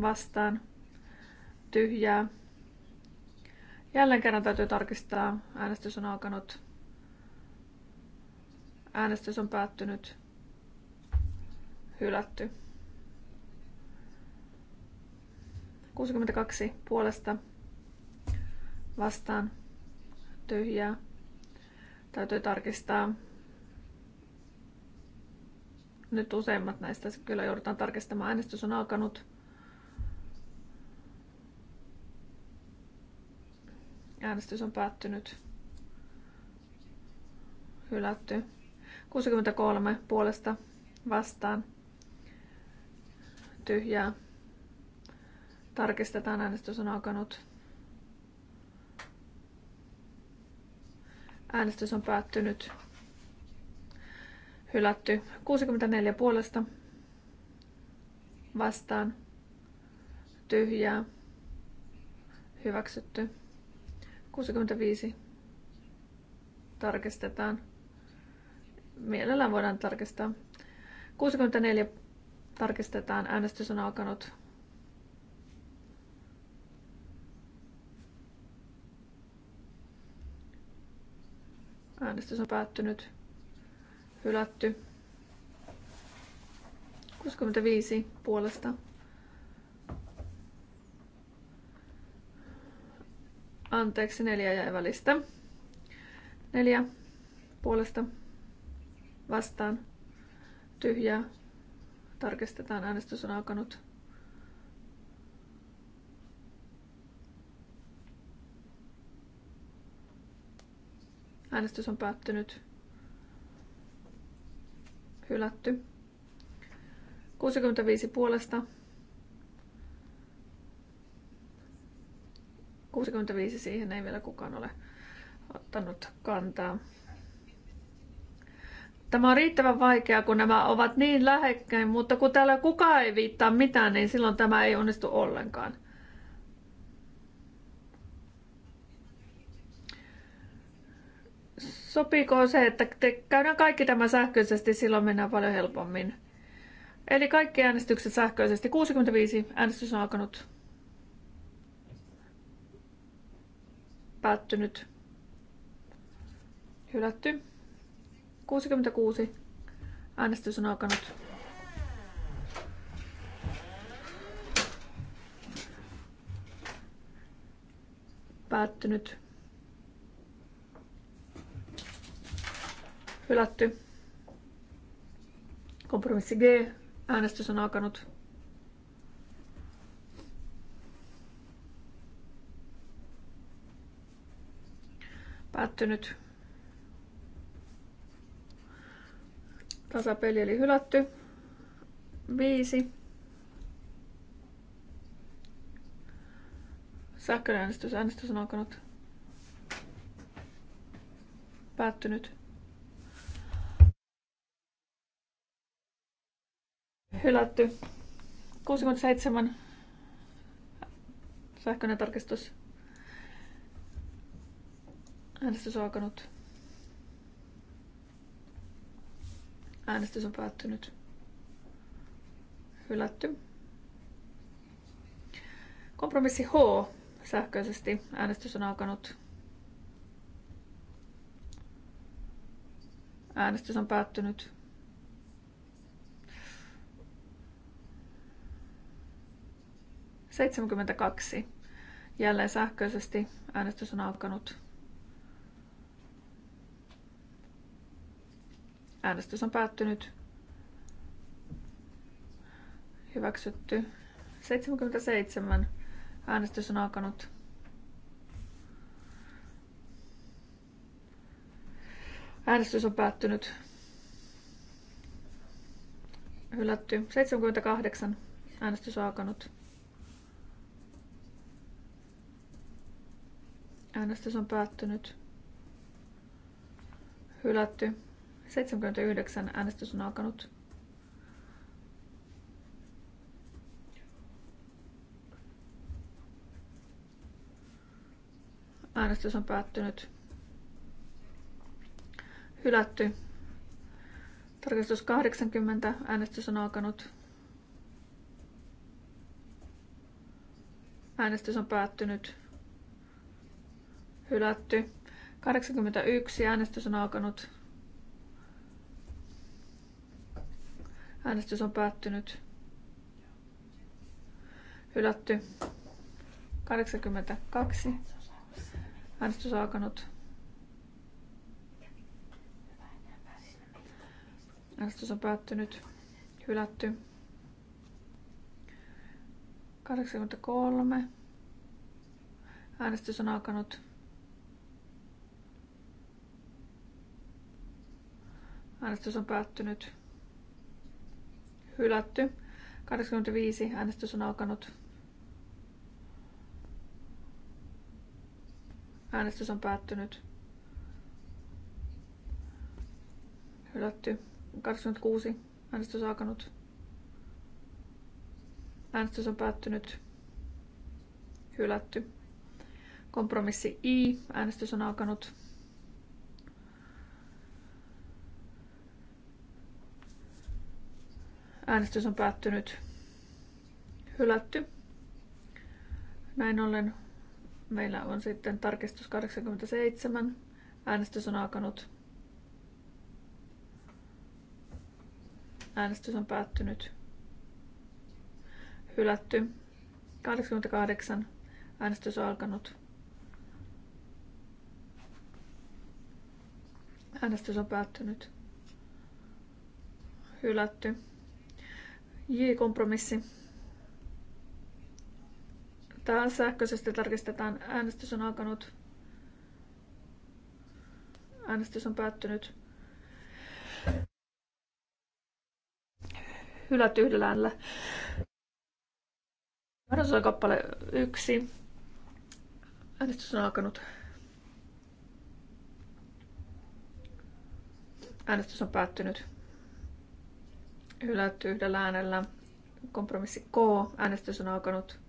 [SPEAKER 4] vastaan tyhjää. Jälleen kerran täytyy tarkistaa. Äänestys on alkanut. Äänestys on päättynyt. Hylätty. 62 puolesta vastaan tyhjää. Täytyy tarkistaa. Nyt useimmat näistä kyllä joudutaan tarkistamaan. Äänestys on alkanut. Äänestys on päättynyt. Hylätty. 63 puolesta vastaan. Tyhjää. Tarkistetaan, äänestys on alkanut. Äänestys on päättynyt. Hylätty 64 puolesta. Vastaan. Tyhjää. Hyväksytty. 65 tarkistetaan. Mielellään voidaan tarkistaa. 64 tarkistetaan. Äänestys on alkanut. Äänestys on päättynyt. Hylätty. 65 puolesta Anteeksi, neljä jäi välistä. Neljä puolesta vastaan. Tyhjää. Tarkistetaan, äänestys on alkanut. Äänestys on päättynyt. Hylätty. 65 puolesta 65 siihen ei vielä kukaan ole ottanut kantaa. Tämä on riittävän vaikeaa, kun nämä ovat niin lähekkäin, mutta kun täällä kukaan ei viittaa mitään, niin silloin tämä ei onnistu ollenkaan. Sopiiko se, että te käydään kaikki tämä sähköisesti, silloin mennään paljon helpommin. Eli kaikki äänestykset sähköisesti. 65 äänestys on alkanut. Päättynyt. Hylätty. 66. Äänestys on alkanut. Päättynyt. Hylätty. Kompromissi G. Äänestys on alkanut. Päättynyt. Tasapeli eli hylätty. Viisi. Sähköinen äänestys. Äänestys on alkanut. Päättynyt. Hylätty. 67. Sähköinen tarkistus. Äänestys on alkanut. Äänestys on päättynyt. Hylätty. Kompromissi H sähköisesti. Äänestys on alkanut. Äänestys on päättynyt. Seitsemänkymmentäkaksi. Jälleen sähköisesti. Äänestys on alkanut. Äänestys on päättynyt. Hyväksytty. 77. Äänestys on alkanut. Äänestys on päättynyt. Hylätty. 78. Äänestys on alkanut. Äänestys on päättynyt. Hylätty. 79 äänestys on alkanut. Äänestys on päättynyt. Hylätty. Tarkastus 80. Äänestys on alkanut. Äänestys on päättynyt. Hylätty. 81. Äänestys on alkanut. Äänestys on päättynyt. Hylätty. 82. Äänestys on alkanut. Äänestys on päättynyt. Hylätty. 83. Äänestys on alkanut. Äänestys on päättynyt. Hylätty. 85. Äänestys on alkanut. Äänestys on päättynyt. Hylätty. 86 Äänestys on alkanut. Äänestys on päättynyt. Hylätty. Kompromissi I. Äänestys on alkanut. Äänestys on päättynyt. Hylätty. Näin ollen meillä on sitten tarkistus 87. Äänestys on alkanut. Äänestys on päättynyt. Hylätty. 88. Äänestys on alkanut. Äänestys on päättynyt. Hylätty. J-kompromissi. Tää sähköisesti tarkistetaan. Äänestys on alkanut. Äänestys on päättynyt. Hylätty yhdellä äänellä. Johdatus kappale yksi. Äänestys on alkanut. Äänestys on päättynyt. Hylätty yhdellä äänellä. Kompromissi K. Äänestys on alkanut.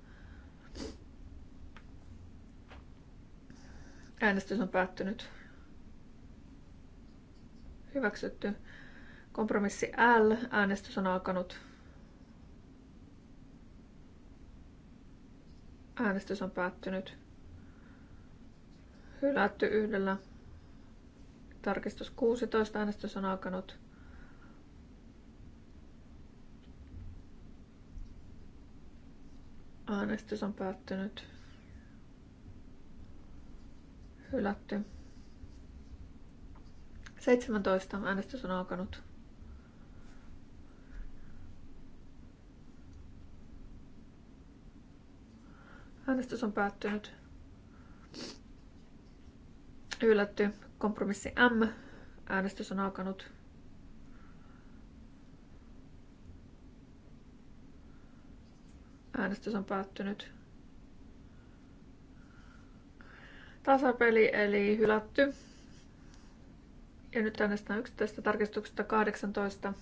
[SPEAKER 4] Äänestys on päättynyt. Hyväksytty. Kompromissi L. Äänestys on alkanut. Äänestys on päättynyt. Hylätty yhdellä. Tarkistus 16. Äänestys on alkanut. Äänestys on päättynyt. Hylätty. 17. Äänestys on alkanut. Äänestys on päättynyt. Hylätty. Kompromissi M. Äänestys on alkanut. Äänestys on päättynyt. Tasapeli eli hylätty. Ja nyt äänestetään yksittäisestä tarkistuksesta 18.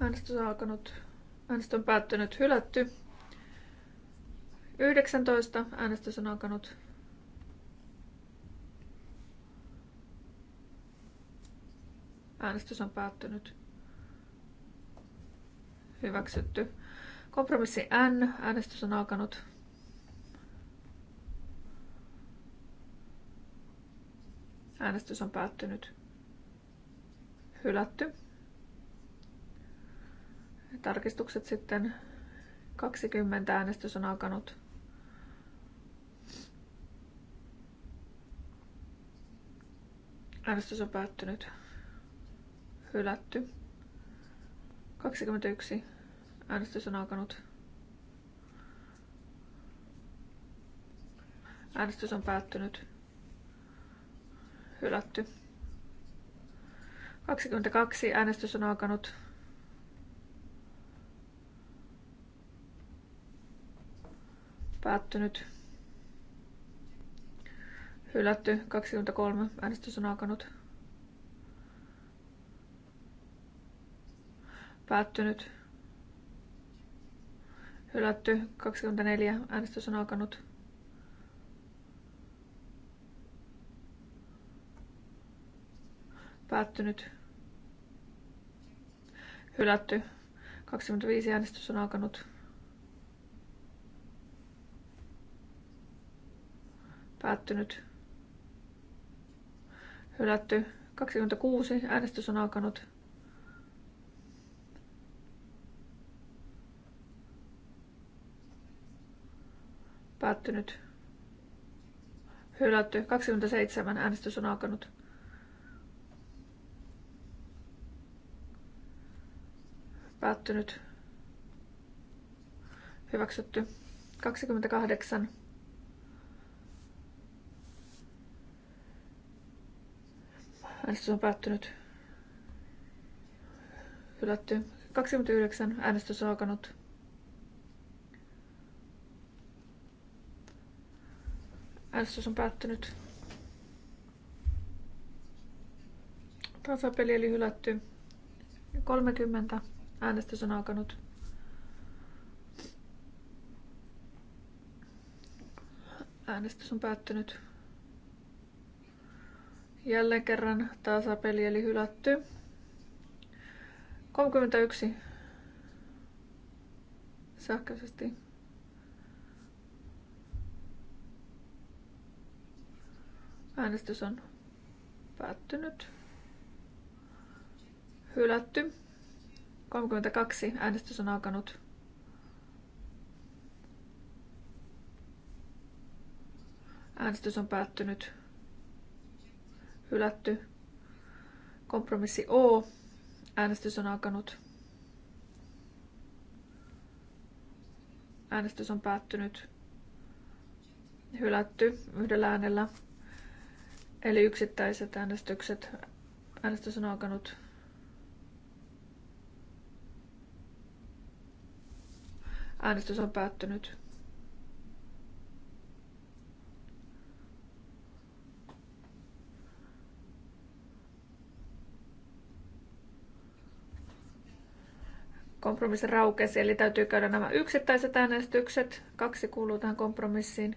[SPEAKER 4] Äänestys on alkanut. Äänestys on päättynyt. Hylätty. 19. Äänestys on alkanut. Äänestys on päättynyt. Hyväksytty. Kompromissi N. Äänestys on alkanut. Äänestys on päättynyt. Hylätty. Tarkistukset sitten. 20 äänestys on alkanut. Äänestys on päättynyt. Hylätty. 21. Äänestys on alkanut. Äänestys on päättynyt. Hylätty. 22. Äänestys on alkanut. Päättynyt. Hylätty. 23. Äänestys on alkanut. Päättynyt. Hylätty. 24. Äänestys on alkanut. Päättynyt. Hylätty. 25. Äänestys on alkanut. Päättynyt. Hylätty. 26. Äänestys on alkanut. Päättynyt. Hylätty. 27. Äänestys on alkanut. Päättynyt. Hyväksytty. 28. Äänestys on päättynyt. Hylätty. 29. Äänestys on alkanut. Äänestys on päättynyt. Tasapeli eli hylätty. 30. Äänestys on alkanut. Äänestys on päättynyt. Jälleen kerran tasapeli eli hylätty. 31 sähköisesti Äänestys on päättynyt. Hylätty. 32. Äänestys on alkanut. Äänestys on päättynyt. Hylätty. Kompromissi O. Äänestys on alkanut. Äänestys on päättynyt. Hylätty yhdellä äänellä. Eli yksittäiset äänestykset. Äänestys on alkanut. Äänestys on päättynyt. kompromissi raukesi, eli täytyy käydä nämä yksittäiset äänestykset. Kaksi kuuluu tähän kompromissiin.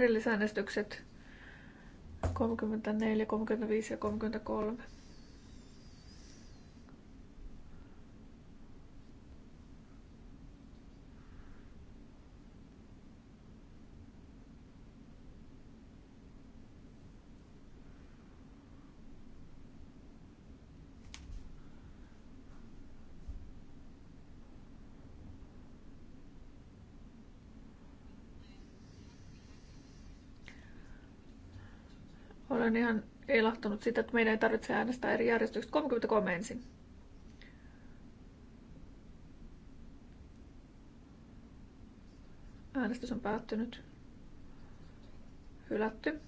[SPEAKER 4] erillisäänestykset 34, 35 ja 33. olen ihan ilahtunut siitä, että meidän ei tarvitse äänestää eri järjestyksestä. 33 ensin. Äänestys on päättynyt. Hylätty.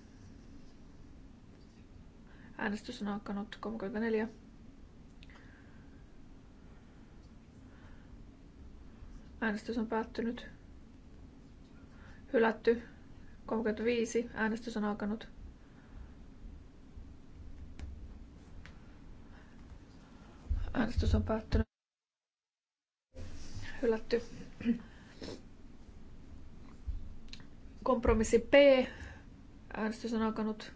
[SPEAKER 4] Äänestys on alkanut 34. Äänestys on päättynyt. Hylätty. 35. Äänestys on alkanut. Äänestys on päättynyt. Hylätty. Kompromissi B. Äänestys on alkanut.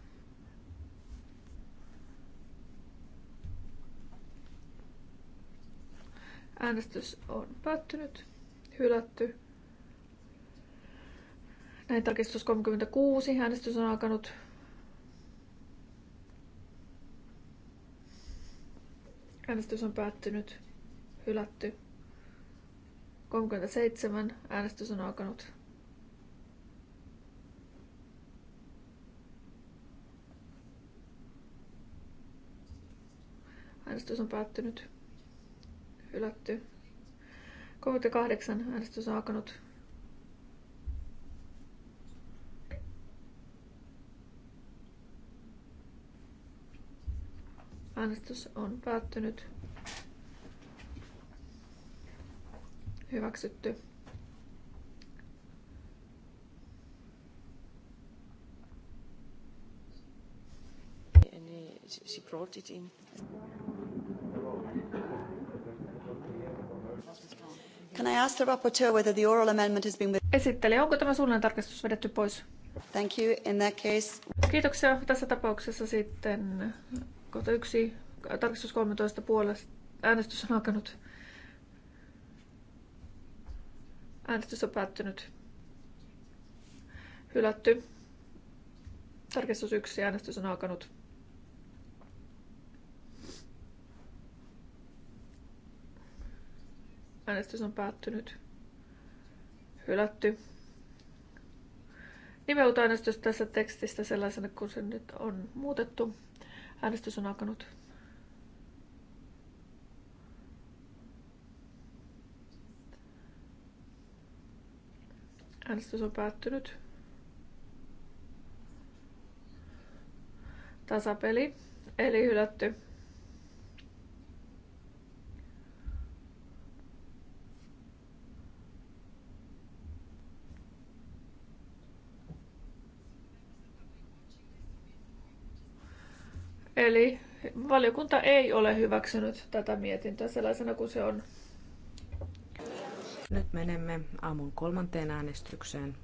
[SPEAKER 4] Äänestys on päättynyt. Hylätty. Näin tarkistus 36. Äänestys on alkanut. Äänestys on päättynyt. Hylätty. 37. Äänestys on alkanut. Äänestys on päättynyt. Hylätty. 38. Äänestys on alkanut. Äänestys on päättynyt. Hyväksytty.
[SPEAKER 3] she brought it in.
[SPEAKER 5] Can I ask the rapporteur whether the oral amendment has been... Esitteli onko tämä
[SPEAKER 4] suullinen tarkastus vedetty pois? Thank you. In that case... Kiitoksia. Tässä tapauksessa sitten Kohta yksi, tarkistus 13 puolesta. Äänestys on alkanut. Äänestys on päättynyt. Hylätty. Tarkistus 1. Äänestys on alkanut. Äänestys on päättynyt. Hylätty. Nimeutu äänestys tässä tekstistä sellaisena kuin se nyt on muutettu. Äänestys on alkanut. Äänestys on päättynyt. Tasapeli, eli hylätty. Eli valiokunta ei ole hyväksynyt tätä mietintöä sellaisena kuin se on.
[SPEAKER 2] Nyt menemme aamun kolmanteen äänestykseen.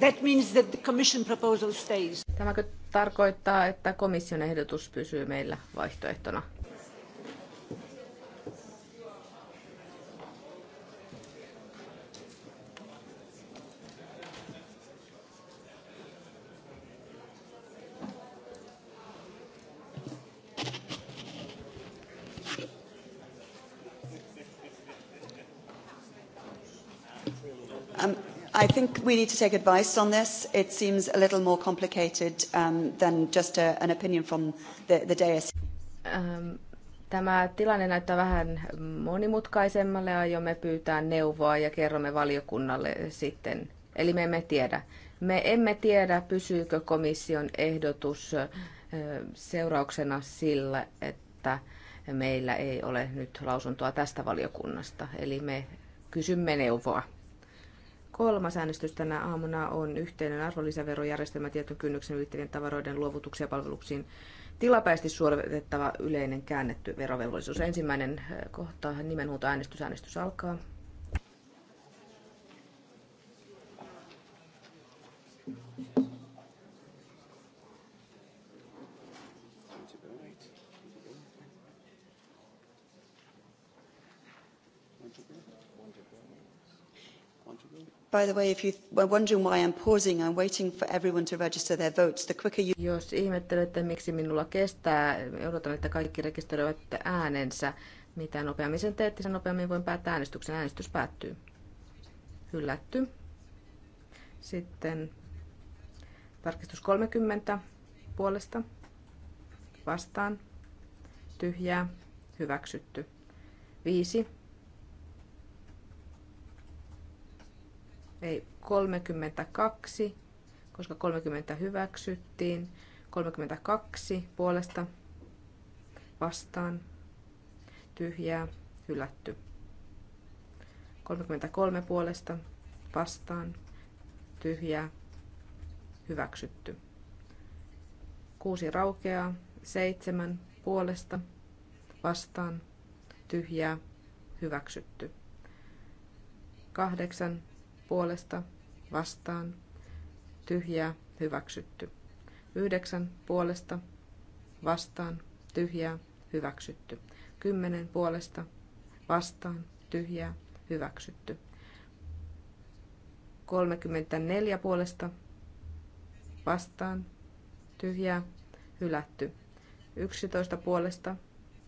[SPEAKER 2] That means that the commission proposal stays. Tämäkö tarkoittaa, että komission ehdotus pysyy meillä vaihtoehtona?
[SPEAKER 5] I think we need to take advice on this. It seems a little more complicated um,
[SPEAKER 2] than just a, an opinion from the, the dais. Um. Tämä tilanne näyttää vähän monimutkaisemmalle, me pyytää neuvoa ja kerromme valiokunnalle sitten. Eli me emme tiedä. Me emme tiedä, pysyykö komission ehdotus seurauksena sillä, että meillä ei ole nyt lausuntoa tästä valiokunnasta. Eli me kysymme neuvoa. Kolmas äänestys tänä aamuna on yhteinen arvonlisäverojärjestelmä tietyn kynnyksen ylittävien tavaroiden luovutuksia palveluksiin tilapäisesti suoritettava yleinen käännetty verovelvollisuus. Ensimmäinen eh, kohta nimenhuuto äänestys. Äänestys alkaa.
[SPEAKER 5] By the way, if you were wondering why I'm pausing, I'm waiting for everyone to register their votes. The quicker you... Jos
[SPEAKER 2] ihmettelette, miksi minulla kestää, odotan, että kaikki rekisteröivät äänensä. Mitä nopeammin sen teette, sen nopeammin voin päättää äänestyksen. Äänestys päättyy. Hylätty. Sitten tarkistus 30 puolesta. Vastaan. Tyhjää. Hyväksytty. Viisi. ei 32, koska 30 hyväksyttiin. 32 puolesta vastaan tyhjää hylätty. 33 puolesta vastaan tyhjää hyväksytty. 6 raukeaa, 7 puolesta vastaan tyhjää hyväksytty. 8 puolesta vastaan tyhjää hyväksytty. Yhdeksän puolesta vastaan tyhjää hyväksytty. Kymmenen puolesta vastaan tyhjää hyväksytty. 34 puolesta vastaan tyhjää hylätty. 11 puolesta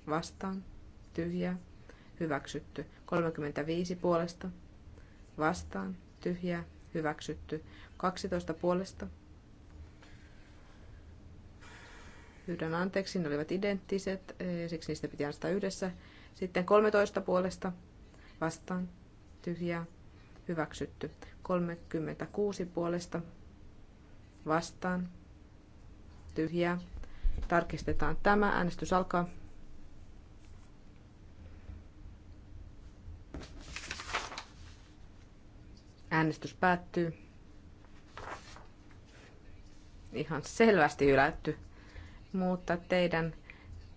[SPEAKER 2] vastaan tyhjää hyväksytty. 35 puolesta vastaan tyhjää, hyväksytty. 12 puolesta. Pyydän anteeksi, ne olivat identtiset, e, siksi niistä piti äänestää yhdessä. Sitten 13 puolesta vastaan tyhjää, hyväksytty. 36 puolesta vastaan tyhjää. Tarkistetaan tämä. Äänestys alkaa. Äänestys päättyy. Ihan selvästi ylätty, Mutta teidän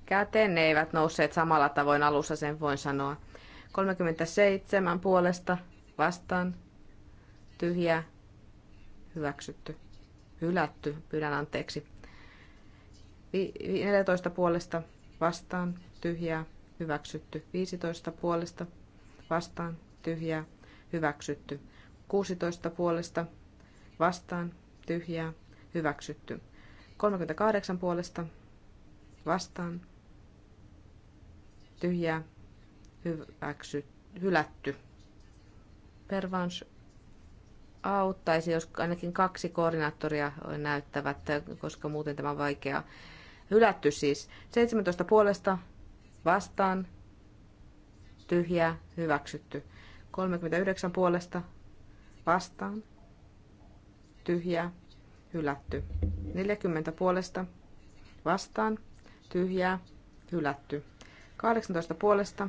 [SPEAKER 2] käteen eivät nousseet samalla tavoin alussa, sen voin sanoa. 37 puolesta vastaan. Tyhjä. Hyväksytty. Hylätty. Pyydän anteeksi. 14 puolesta vastaan. Tyhjää. Hyväksytty. 15 puolesta vastaan. Tyhjää. Hyväksytty. 16 puolesta vastaan tyhjää hyväksytty. 38 puolesta vastaan tyhjää hyväksy, hylätty. Pervans auttaisi, jos ainakin kaksi koordinaattoria näyttävät, koska muuten tämä on vaikea. Hylätty siis. 17 puolesta vastaan tyhjää hyväksytty. 39 puolesta vastaan, tyhjää, hylätty. 40 puolesta vastaan, tyhjää, hylätty. 18 puolesta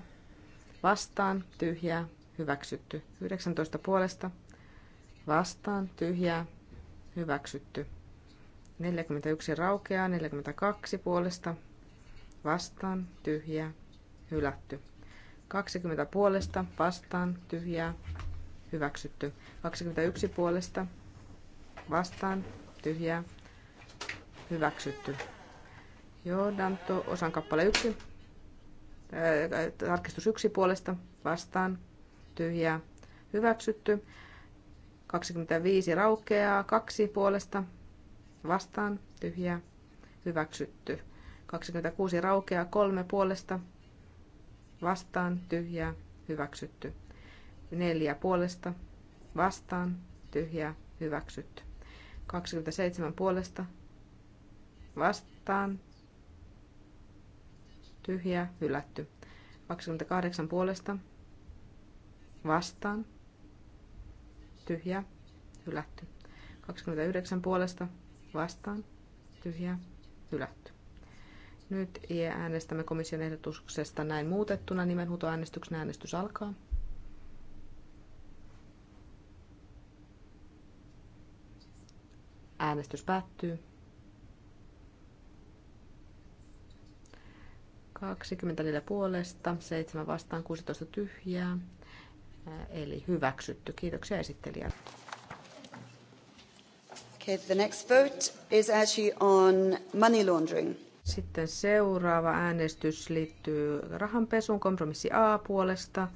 [SPEAKER 2] vastaan, tyhjää, hyväksytty. 19 puolesta vastaan, tyhjää, hyväksytty. 41 raukeaa, 42 puolesta vastaan, tyhjää, hylätty. 20 puolesta vastaan, tyhjää, hyväksytty. 21 puolesta vastaan tyhjää hyväksytty. Johdanto osan kappale 1. Tarkistus 1 puolesta vastaan tyhjää hyväksytty. 25 raukeaa, 2 puolesta vastaan tyhjää hyväksytty. 26 raukeaa, 3 puolesta vastaan tyhjää hyväksytty. 4 puolesta vastaan tyhjä, hyväksytty. 27 puolesta vastaan tyhjä, hylätty. 28 puolesta vastaan tyhjä, hylätty. 29 puolesta vastaan tyhjä, hylätty. Nyt äänestämme komission ehdotuksesta näin muutettuna. Nimenhuutoäänestyksen äänestys alkaa. Äänestys päättyy. 24 puolesta, 7 vastaan, 16 tyhjää. Eli hyväksytty. Kiitoksia esittelijä. Okay, the next vote is actually on money laundering. Sitten seuraava äänestys liittyy rahanpesuun. Kompromissi A puolesta,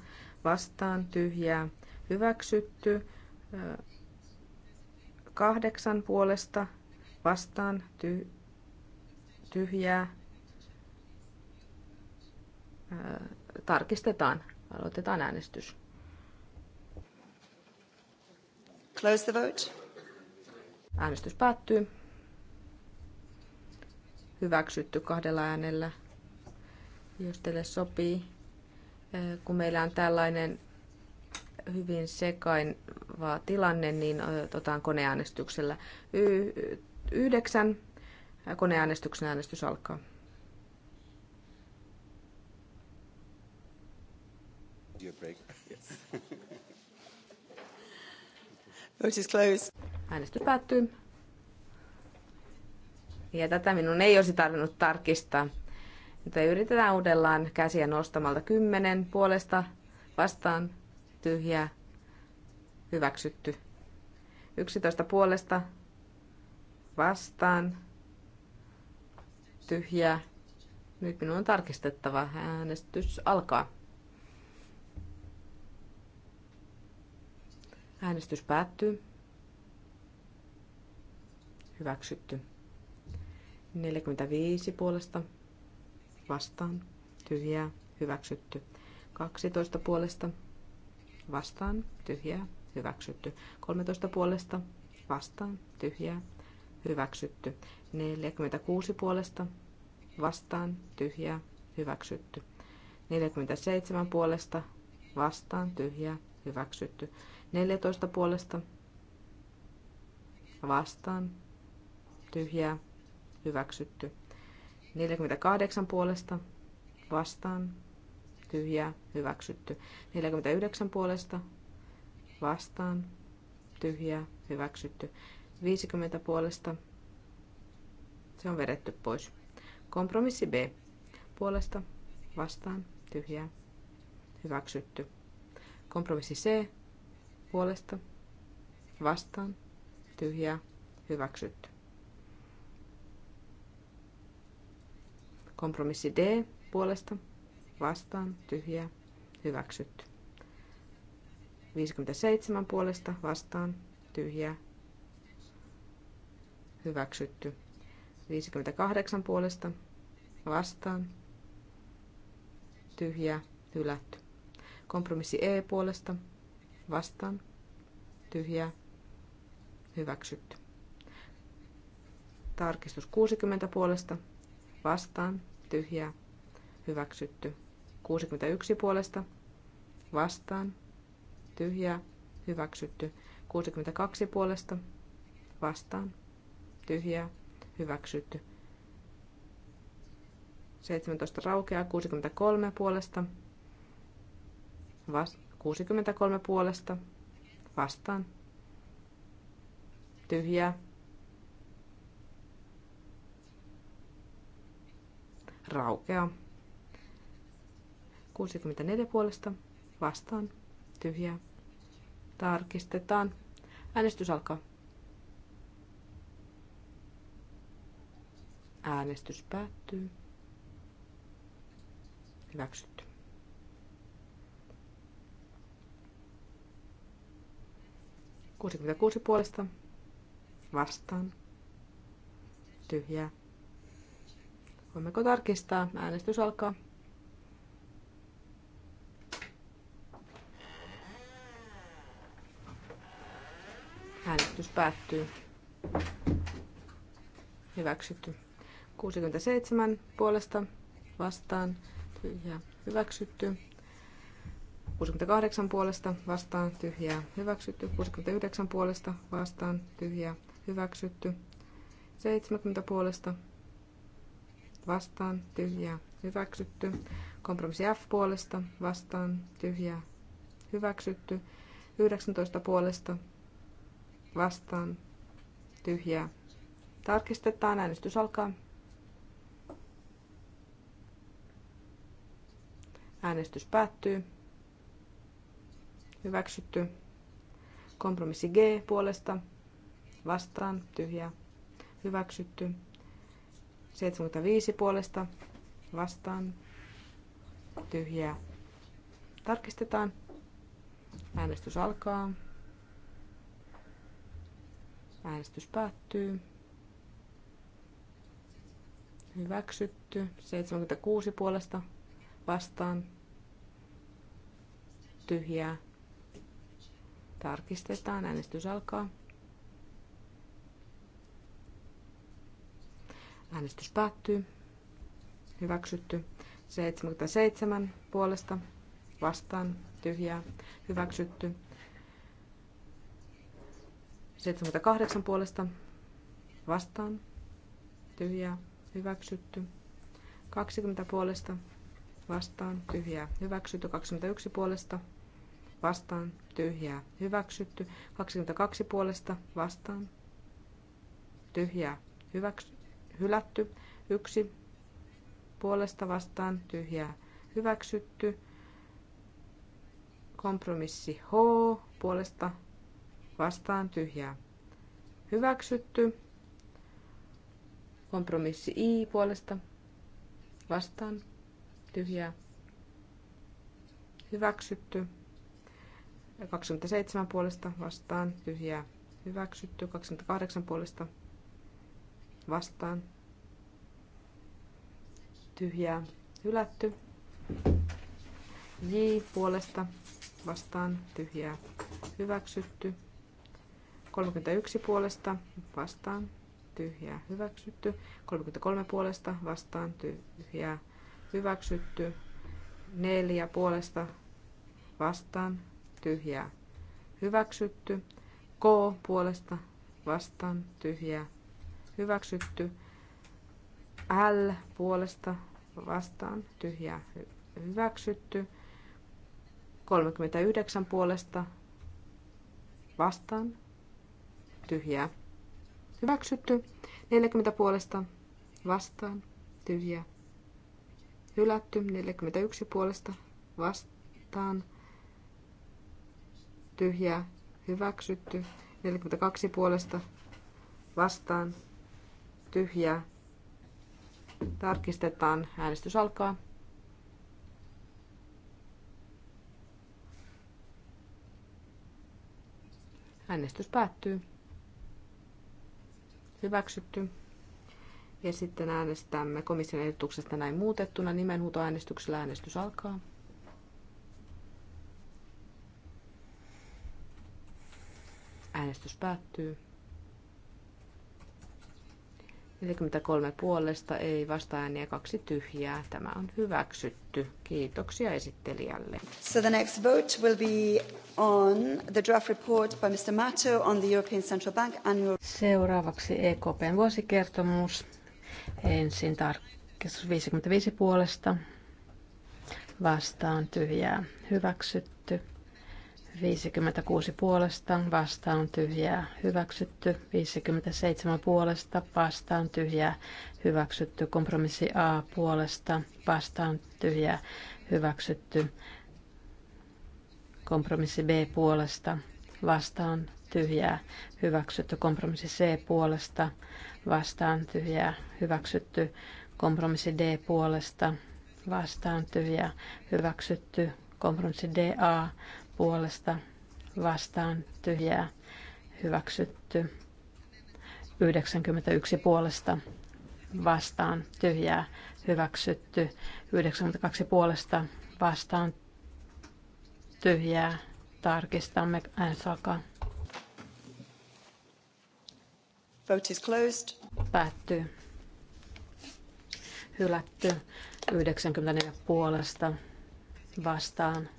[SPEAKER 2] vastaan tyhjää, hyväksytty kahdeksan puolesta vastaan ty- tyhjää. Tarkistetaan. Aloitetaan äänestys. Close the vote. Äänestys päättyy. Hyväksytty kahdella äänellä. Jos teille sopii, kun meillä on tällainen hyvin sekain oleva tilanne, niin otetaan koneäänestyksellä. Y- y yhdeksän koneäänestyksen äänestys alkaa. Vote is closed. Äänestys päättyy. Ja tätä minun ei olisi tarvinnut tarkistaa. Mutta yritetään uudellaan käsiä nostamalla kymmenen puolesta vastaan tyhjää hyväksytty. 11 puolesta vastaan tyhjää. Nyt minun on tarkistettava. Äänestys alkaa. Äänestys päättyy. Hyväksytty. 45 puolesta vastaan tyhjää hyväksytty. 12 puolesta vastaan tyhjää hyväksytty. 13 puolesta vastaan, tyhjää, hyväksytty. 46 puolesta vastaan, tyhjää, hyväksytty. 47 puolesta vastaan, tyhjää, hyväksytty. 14 puolesta vastaan, tyhjää, hyväksytty. 48 puolesta vastaan, tyhjää, hyväksytty. 49 puolesta vastaan, tyhjä hyväksytty. 50 puolesta, se on vedetty pois. Kompromissi B, puolesta, vastaan, tyhjä hyväksytty. Kompromissi C, puolesta, vastaan, tyhjä hyväksytty. Kompromissi D, puolesta, vastaan, tyhjä hyväksytty. 57 puolesta vastaan tyhjää hyväksytty. 58 puolesta vastaan tyhjää hylätty. Kompromissi E puolesta vastaan tyhjää hyväksytty. Tarkistus 60 puolesta vastaan tyhjää hyväksytty. 61 puolesta vastaan tyhjää, hyväksytty. 62 puolesta vastaan, tyhjää, hyväksytty. 17 raukeaa, 63 puolesta, vas, 63 puolesta, vastaan, tyhjää, raukeaa. 64 puolesta vastaan tyhjää. Tarkistetaan. Äänestys alkaa. Äänestys päättyy. Hyväksytty. Kuusikymmentäkuusi puolesta. Vastaan. Tyhjää. Voimmeko tarkistaa? Äänestys alkaa. Äänestys päättyy. Hyväksytty. 67 puolesta vastaan. Tyhjää. Hyväksytty. 68 puolesta vastaan tyhjää hyväksytty. 69 puolesta vastaan tyhjää hyväksytty. 70 puolesta vastaan tyhjää hyväksytty. Kompromissi F puolesta vastaan tyhjää hyväksytty. 19 puolesta vastaan tyhjää. Tarkistetaan, äänestys alkaa. Äänestys päättyy. Hyväksytty. Kompromissi G puolesta. Vastaan. Tyhjää. Hyväksytty. 75 puolesta. Vastaan. Tyhjää. Tarkistetaan. Äänestys alkaa. Äänestys päättyy. Hyväksytty. 76 puolesta vastaan. Tyhjää. Tarkistetaan. Äänestys alkaa. Äänestys päättyy. Hyväksytty. 77 puolesta vastaan. Tyhjää. Hyväksytty. 78 puolesta vastaan. Tyhjää. Hyväksytty. 20 puolesta vastaan. Tyhjää. Hyväksytty. 21 puolesta vastaan. Tyhjää. Hyväksytty. 22 puolesta vastaan. Tyhjää. Hyväksy, hylätty. 1 puolesta vastaan. Tyhjää. Hyväksytty. Kompromissi H puolesta vastaan tyhjää. Hyväksytty. Kompromissi I puolesta vastaan tyhjää. Hyväksytty. 27 puolesta vastaan tyhjää. Hyväksytty. 28 puolesta vastaan tyhjää. Hylätty. J puolesta vastaan tyhjää hyväksytty. 31 puolesta vastaan tyhjää hyväksytty. 33 puolesta vastaan tyhjää hyväksytty. 4 puolesta vastaan tyhjää hyväksytty. K puolesta vastaan tyhjää hyväksytty. L puolesta vastaan tyhjää hyväksytty. 39 puolesta vastaan tyhjää. Hyväksytty. 40 puolesta vastaan Tyhjä. Hylätty. 41 puolesta vastaan tyhjä Hyväksytty. 42 puolesta vastaan tyhjä Tarkistetaan. Äänestys alkaa. Äänestys päättyy hyväksytty. Ja sitten äänestämme komission ehdotuksesta näin muutettuna. Nimenhuutoäänestyksellä äänestys alkaa. Äänestys päättyy. 43 puolesta, ei vastaääniä, kaksi tyhjää. Tämä on hyväksytty. Kiitoksia esittelijälle.
[SPEAKER 5] So the next vote will be on the draft report by Mr. Matto on the European Central Bank
[SPEAKER 1] annual... Seuraavaksi EKPn vuosikertomus. Ensin tarkistus 55 puolesta. Vastaan tyhjää. Hyväksytty. 56 puolesta vastaan tyhjää hyväksytty. 57 puolesta vastaan tyhjää hyväksytty. Kompromissi A puolesta vastaan tyhjää hyväksytty. Kompromissi B puolesta vastaan tyhjää hyväksytty. Kompromissi C puolesta vastaan tyhjää hyväksytty. Kompromissi D puolesta vastaan tyhjää hyväksytty. Kompromissi DA puolesta vastaan tyhjää hyväksytty. 91 puolesta vastaan tyhjää hyväksytty. 92 puolesta vastaan tyhjää tarkistamme äänsaka.
[SPEAKER 5] Vote is closed.
[SPEAKER 1] Päättyy. Hylätty. 94 puolesta vastaan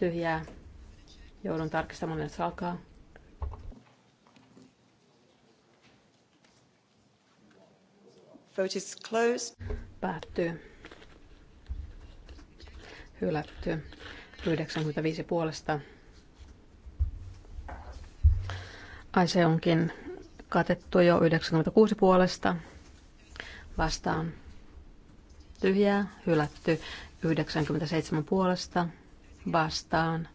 [SPEAKER 1] tyhjää. Joudun tarkistamaan, jos alkaa.
[SPEAKER 5] Vote is closed.
[SPEAKER 1] Päättyy. Hylätty. 95 puolesta. Ai se onkin katettu jo 96 puolesta. Vastaan tyhjää, hylätty 97 puolesta vastaan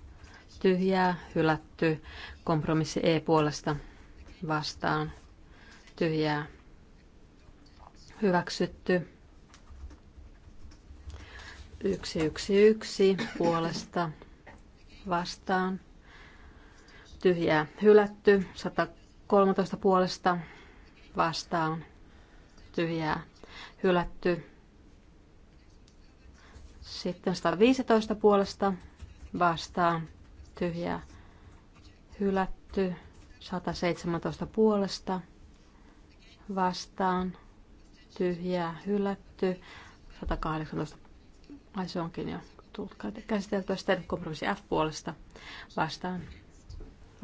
[SPEAKER 1] tyhjää, hylätty, kompromissi E puolesta vastaan tyhjää, hyväksytty. yksi puolesta vastaan tyhjää, hylätty, 113 puolesta vastaan tyhjää, hylätty. Sitten 115 puolesta vastaan Tyhjä hylätty. 117 puolesta vastaan Tyhjä hylätty. 118, ai se onkin jo tullut käsiteltyä sitten kompromissi F puolesta vastaan,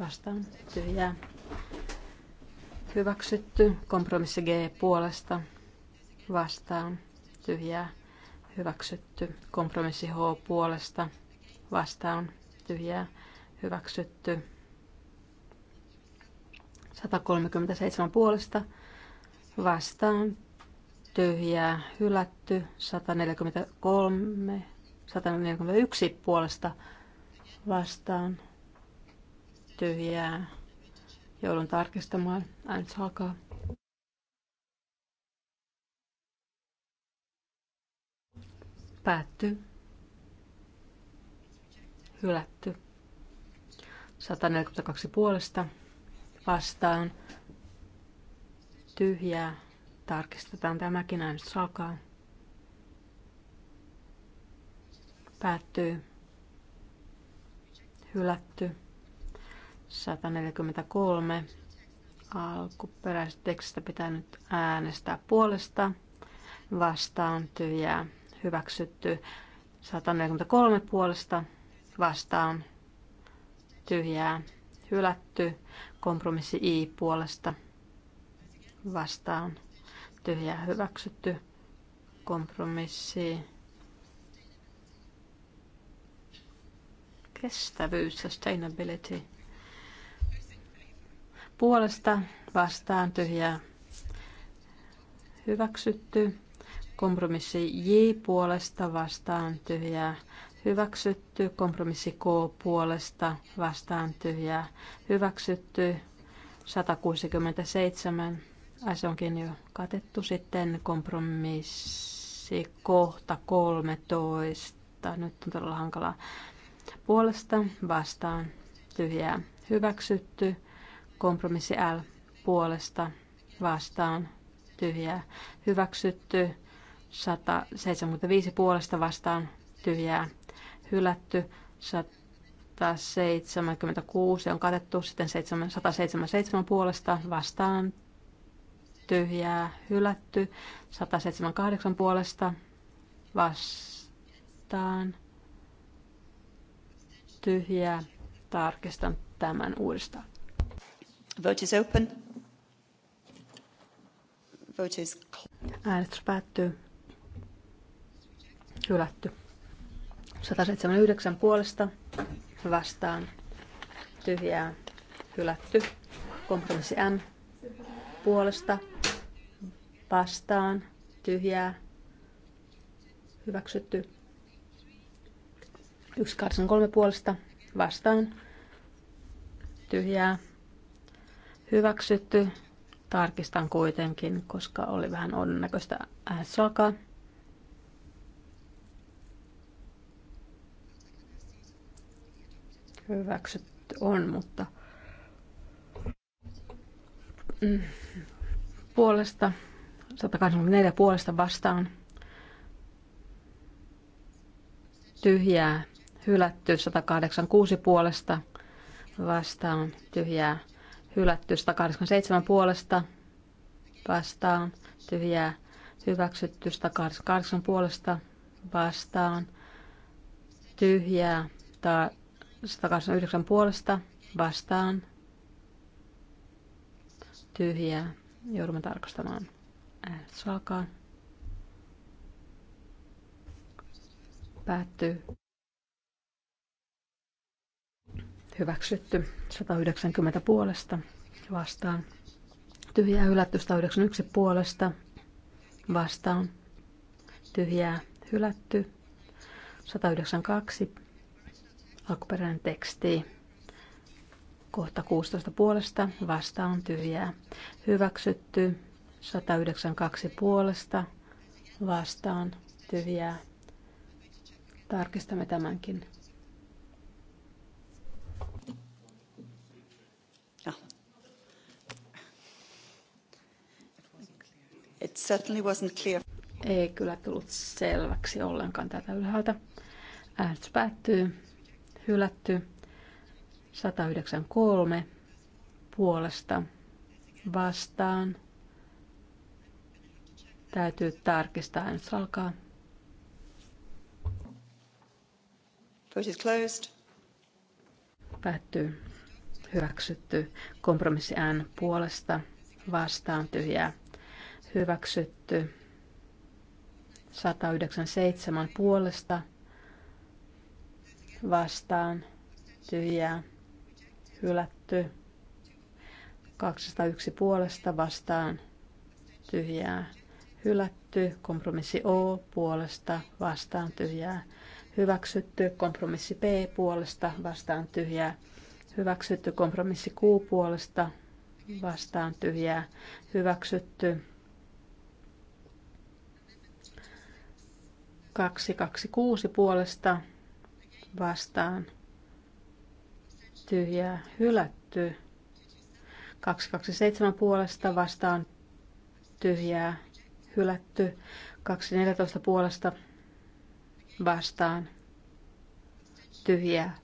[SPEAKER 1] vastaan tyhjä hyväksytty. Kompromissi G puolesta vastaan tyhjä hyväksytty. Kompromissi H puolesta vastaan tyhjää hyväksytty. 137 puolesta vastaan tyhjää hylätty. 143, 141 puolesta vastaan tyhjää. Joudun tarkistamaan. Äänestys alkaa. Päättyy hylätty. 142 puolesta vastaan tyhjää. Tarkistetaan tämäkin äänestys alkaa. Päättyy. Hylätty. 143. Alkuperäisestä tekstistä pitää nyt äänestää puolesta. Vastaan tyhjää. Hyväksytty. 143 puolesta vastaan tyhjää hylätty. Kompromissi I puolesta vastaan tyhjää hyväksytty. Kompromissi kestävyys, sustainability. Puolesta vastaan tyhjää hyväksytty. Kompromissi J puolesta vastaan tyhjää Hyväksytty kompromissi K puolesta vastaan tyhjää. Hyväksytty 167. Ai se onkin jo katettu sitten kompromissi kohta 13. Nyt on todella hankalaa. Puolesta vastaan tyhjää. Hyväksytty kompromissi L puolesta vastaan tyhjää. Hyväksytty 175 puolesta vastaan tyhjää hylätty, 176 on katettu, sitten 177 puolesta vastaan tyhjää hylätty, 178 puolesta vastaan tyhjää. Tarkistan tämän uudestaan.
[SPEAKER 5] Vote is open. Vote is...
[SPEAKER 1] Äänestys päättyy. Hylätty. 179 puolesta vastaan tyhjää hylätty. Kompromissi M puolesta vastaan tyhjää hyväksytty. 183 puolesta vastaan tyhjää hyväksytty. Tarkistan kuitenkin, koska oli vähän onnäköistä äh, alkaa. hyväksytty on, mutta mm, puolesta, 184 puolesta vastaan, tyhjää, hylätty 186 puolesta vastaan, tyhjää, hylätty 187 puolesta vastaan, tyhjää, hyväksytty 188 puolesta vastaan, tyhjää, tai 189 puolesta vastaan. Tyhjää. Joudumme tarkastamaan. Äänestys Päättyy. Hyväksytty. 190 puolesta vastaan. Tyhjää hylätty 191 puolesta vastaan. Tyhjää hylätty. 192 Alkuperäinen teksti. Kohta 16 puolesta on tyhjää. Hyväksytty. 192 puolesta vastaan tyhjää. Tarkistamme tämänkin. Ah. It certainly wasn't clear. Ei kyllä tullut selväksi ollenkaan tätä ylhäältä. Äänestys päättyy hylätty. 193 puolesta vastaan. Täytyy tarkistaa. Äänestys alkaa.
[SPEAKER 5] Vote is closed.
[SPEAKER 1] Päättyy. Hyväksytty. Kompromissi N puolesta vastaan tyhjää. Hyväksytty. 197 puolesta vastaan tyhjää hylätty. 201 puolesta vastaan tyhjää hylätty. Kompromissi O puolesta vastaan tyhjää hyväksytty. Kompromissi P puolesta vastaan tyhjää hyväksytty. Kompromissi Q puolesta vastaan tyhjää hyväksytty. 226 puolesta vastaan tyhjää hylätty. 227 puolesta vastaan tyhjää hylätty. 214 puolesta vastaan tyhjää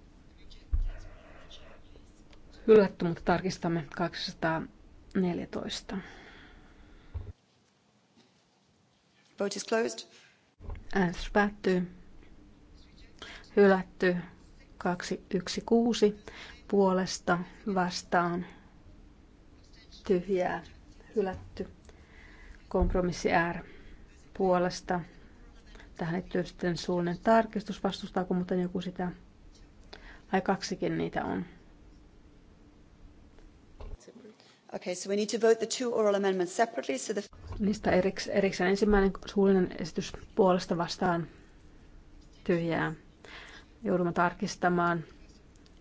[SPEAKER 1] hylätty, mutta tarkistamme 214. Vote is closed. Äänestys päättyy hylätty 216 puolesta vastaan tyhjää hylätty kompromissi R puolesta. Tähän liittyy sitten suullinen tarkistus, vastustaako muuten joku sitä, Ai kaksikin niitä on.
[SPEAKER 5] Okay, so we need to vote the two oral amendments separately. So the...
[SPEAKER 1] Niistä erikseen, erikseen ensimmäinen suullinen esitys puolesta vastaan tyhjää Joudumme tarkistamaan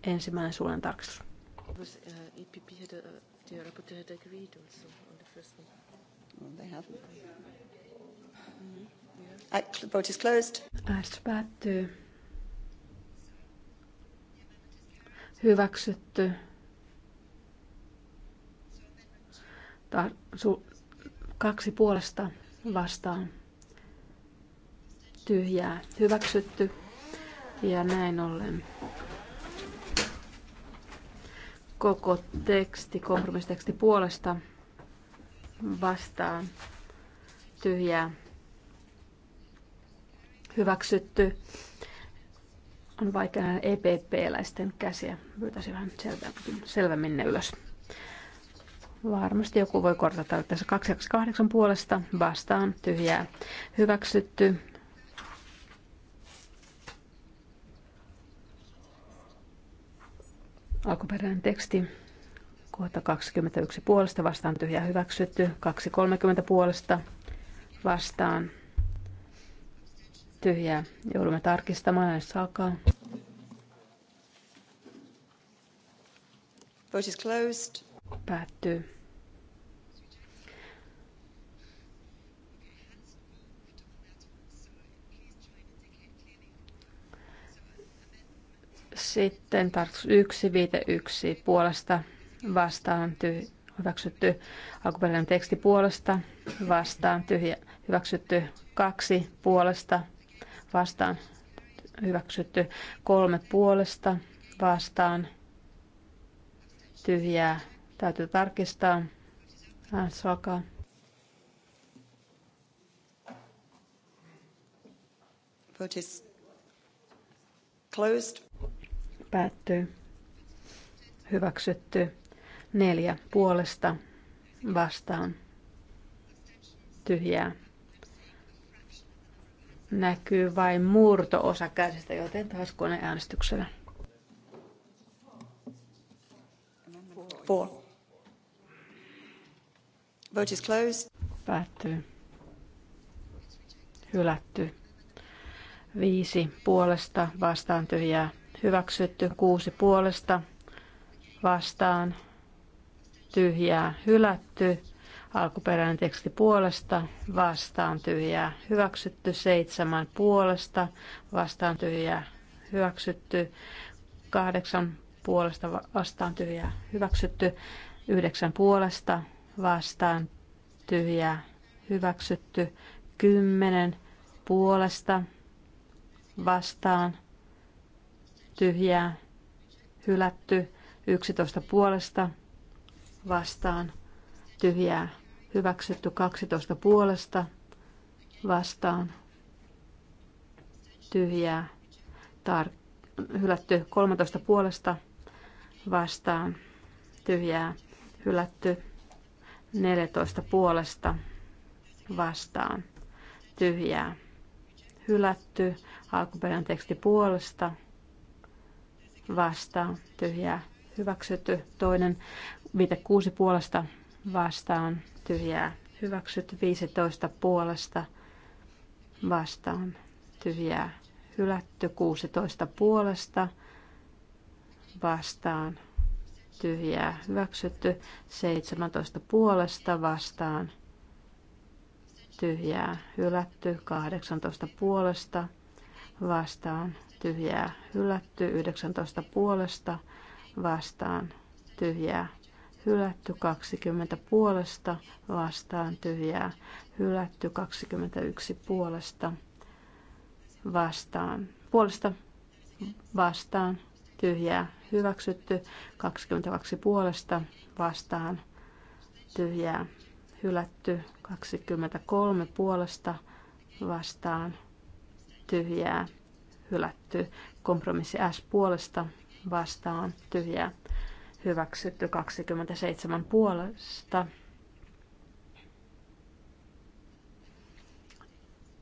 [SPEAKER 1] ensimmäinen suunnan tarkistus.
[SPEAKER 5] Vote is closed. Äänestys päättyy.
[SPEAKER 1] Hyväksytty. Tar- su- kaksi puolesta vastaan. Tyhjää. Hyväksytty. Ja näin ollen koko teksti, kompromissiteksti puolesta vastaan tyhjää hyväksytty. On vaikea nähdä EPP-läisten käsiä. Pyytäisin vähän selvemmin ne ylös. Varmasti joku voi korjata tässä 228 puolesta vastaan tyhjää hyväksytty. Alkuperäinen teksti kohta 21 puolesta vastaan tyhjä hyväksytty, 2.30 puolesta vastaan tyhjää. Joudumme tarkistamaan, jos alkaa.
[SPEAKER 5] Vote is closed. Päättyy.
[SPEAKER 1] Sitten tarkoitus 1, viite 1 puolesta vastaan tyhjä, hyväksytty alkuperäinen teksti puolesta vastaan tyhjä, hyväksytty kaksi puolesta vastaan hyväksytty kolme puolesta vastaan tyhjää. Täytyy tarkistaa. Äänestys
[SPEAKER 5] Vote is closed
[SPEAKER 1] päättyy. Hyväksytty. Neljä puolesta vastaan. Tyhjää. Näkyy vain murto-osa käsistä,
[SPEAKER 5] joten taas koneäänestyksellä. Four. Vote is closed.
[SPEAKER 1] Päättyy. Hylätty. Viisi puolesta vastaan tyhjää hyväksytty kuusi puolesta vastaan tyhjää hylätty. Alkuperäinen teksti puolesta vastaan tyhjää hyväksytty. Seitsemän puolesta vastaan tyhjää hyväksytty. Kahdeksan puolesta vastaan tyhjää hyväksytty. Yhdeksän puolesta vastaan tyhjää hyväksytty. Kymmenen puolesta vastaan tyhjää, hylätty, 11 puolesta vastaan, tyhjää, hyväksytty, 12 puolesta vastaan, tyhjää, tar- hylätty, 13 puolesta vastaan, tyhjää, hylätty, 14 puolesta vastaan, tyhjää, hylätty, alkuperäinen teksti puolesta, vastaan tyhjää hyväksytty. Toinen viite kuusi puolesta vastaan tyhjää hyväksytty. 15 puolesta vastaan tyhjää hylätty. 16 puolesta vastaan tyhjää hyväksytty. 17 puolesta vastaan tyhjää hylätty. 18 puolesta vastaan tyhjää hylätty, 19 puolesta vastaan tyhjää hylätty, 20 puolesta vastaan tyhjää hylätty, 21 puolesta vastaan puolesta vastaan tyhjää hyväksytty, 22 puolesta vastaan tyhjää hylätty, 23 puolesta vastaan tyhjää, hylätty. Kompromissi S puolesta vastaan tyhjää, hyväksytty. 27 puolesta.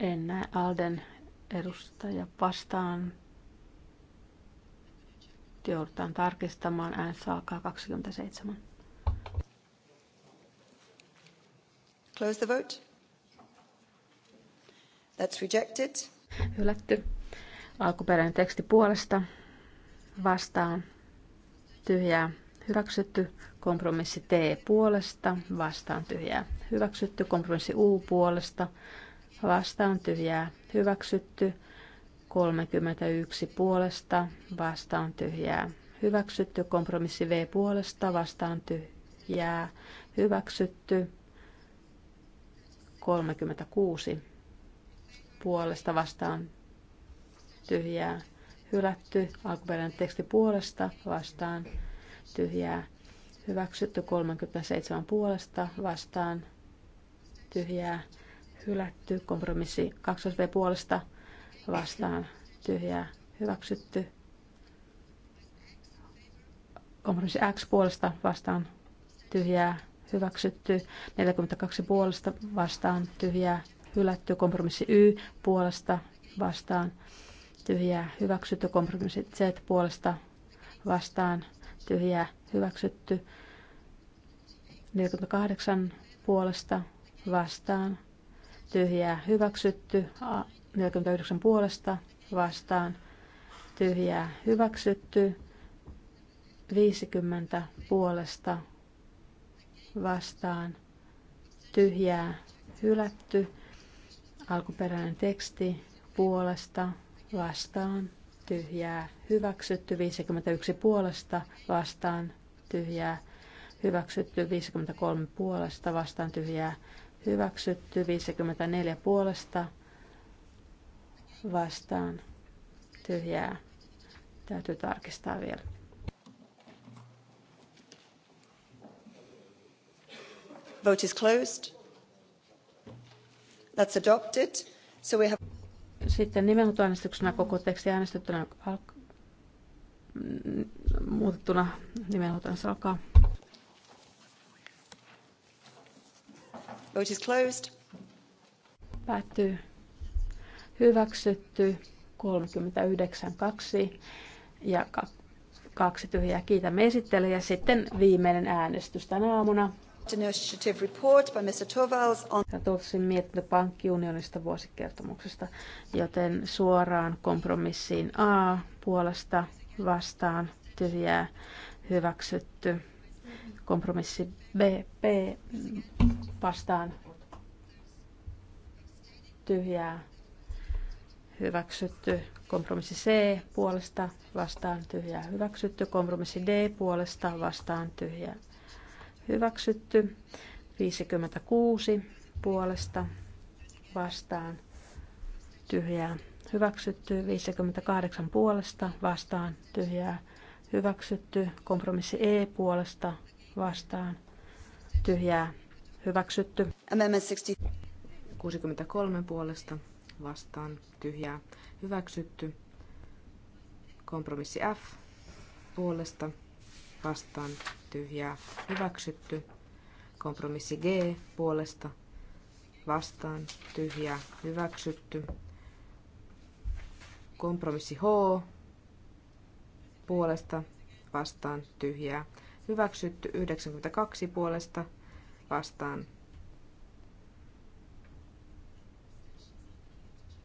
[SPEAKER 1] En näe Alden edustaja vastaan. Joudutaan tarkistamaan. Äänestys alkaa 27.
[SPEAKER 5] Close the vote. That's rejected
[SPEAKER 1] hylätty. Alkuperäinen teksti puolesta vastaan tyhjää hyväksytty. Kompromissi T puolesta vastaan tyhjää hyväksytty. Kompromissi U puolesta vastaan tyhjää hyväksytty. 31 puolesta vastaan tyhjää hyväksytty. Kompromissi V puolesta vastaan tyhjää hyväksytty. 36 puolesta vastaan tyhjää hylätty, alkuperäinen teksti puolesta vastaan tyhjää hyväksytty, 37 puolesta vastaan tyhjää hylätty, kompromissi 2V puolesta vastaan tyhjää hyväksytty, kompromissi X puolesta vastaan tyhjää hyväksytty, 42 puolesta vastaan tyhjää hylätty, kompromissi Y puolesta vastaan tyhjää hyväksytty, kompromissi Z puolesta vastaan tyhjää hyväksytty, 48 puolesta vastaan tyhjää hyväksytty, 49 puolesta vastaan tyhjää hyväksytty, 50 puolesta vastaan tyhjää hylätty, Alkuperäinen teksti puolesta vastaan tyhjää hyväksytty. 51 puolesta vastaan tyhjää hyväksytty. 53 puolesta vastaan tyhjää hyväksytty. 54 puolesta vastaan tyhjää. Täytyy tarkistaa vielä.
[SPEAKER 5] Vote is closed. That's adopted. So we have... Sitten nimenhuutoäänestyksenä koko teksti äänestettynä
[SPEAKER 1] muutettuna nimenhuutoäänestys alkaa.
[SPEAKER 5] Vote is closed.
[SPEAKER 1] Päättyy. Hyväksytty 39.2 ja kaksi tyhjää. Kiitämme esittelyä. Ja sitten viimeinen äänestys tänä aamuna. Initiative report by Mr. on... mietintö pankkiunionista vuosikertomuksesta, joten suoraan kompromissiin A puolesta vastaan tyhjää hyväksytty. Kompromissi B, B vastaan tyhjää hyväksytty. Kompromissi C puolesta vastaan tyhjää hyväksytty. Kompromissi D puolesta vastaan tyhjää hyväksytty. 56 puolesta vastaan tyhjää hyväksytty. 58 puolesta vastaan tyhjää hyväksytty. Kompromissi E puolesta
[SPEAKER 2] vastaan tyhjää hyväksytty. 63 puolesta vastaan tyhjää hyväksytty. Kompromissi F puolesta vastaan tyhjää hyväksytty. Kompromissi G puolesta vastaan tyhjää hyväksytty. Kompromissi H puolesta vastaan tyhjää hyväksytty. 92 puolesta vastaan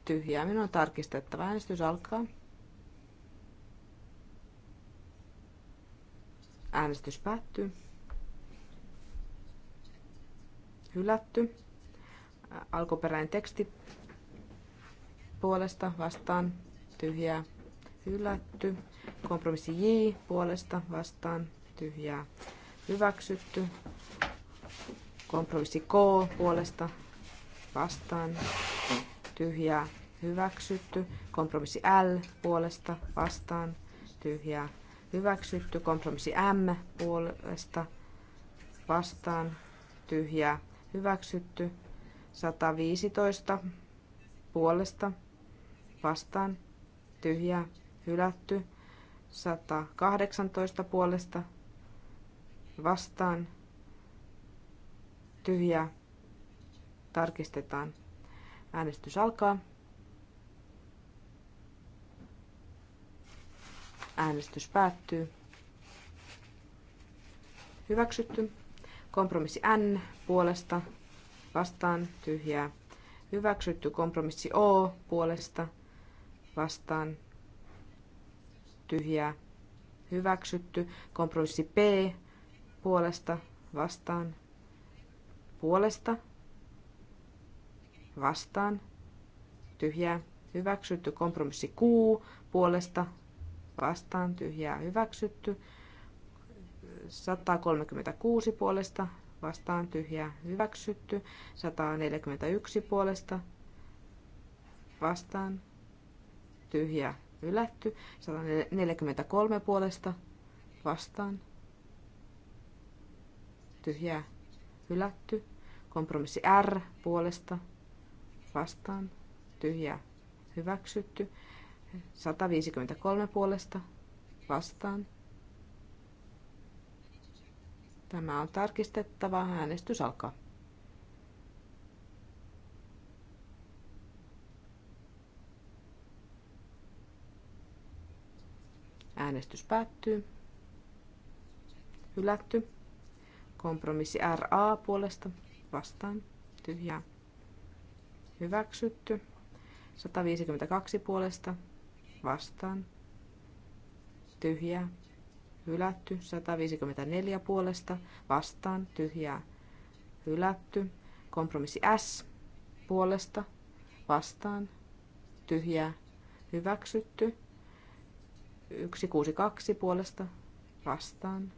[SPEAKER 2] tyhjää. Minun on tarkistettava. Äänestys alkaa. Äänestys päättyy. Hylätty. Alkuperäinen teksti puolesta vastaan tyhjää hylätty. Kompromissi J puolesta vastaan tyhjää hyväksytty. Kompromissi K puolesta vastaan tyhjää hyväksytty. Kompromissi L puolesta vastaan tyhjää hyväksytty. Kompromissi M puolesta vastaan tyhjää hyväksytty. 115 puolesta vastaan tyhjää hylätty. 118 puolesta vastaan tyhjää tarkistetaan. Äänestys alkaa. Äänestys päättyy. Hyväksytty. Kompromissi N puolesta vastaan tyhjää. Hyväksytty. Kompromissi O puolesta vastaan tyhjää. Hyväksytty. Kompromissi P puolesta vastaan puolesta vastaan tyhjää. Hyväksytty. Kompromissi Q puolesta vastaan tyhjää hyväksytty. 136 puolesta vastaan tyhjää hyväksytty. 141 puolesta vastaan tyhjää hylätty. 143 puolesta vastaan tyhjää hylätty. Kompromissi R puolesta vastaan tyhjää hyväksytty. 153 puolesta vastaan. Tämä on tarkistettava. Äänestys alkaa. Äänestys päättyy. Hylätty. Kompromissi RA puolesta vastaan. Tyhjää. Hyväksytty. 152 puolesta vastaan. Tyhjää. Hylätty. 154 puolesta vastaan. Tyhjää. Hylätty. Kompromissi S puolesta vastaan. Tyhjää. Hyväksytty. 162 puolesta vastaan.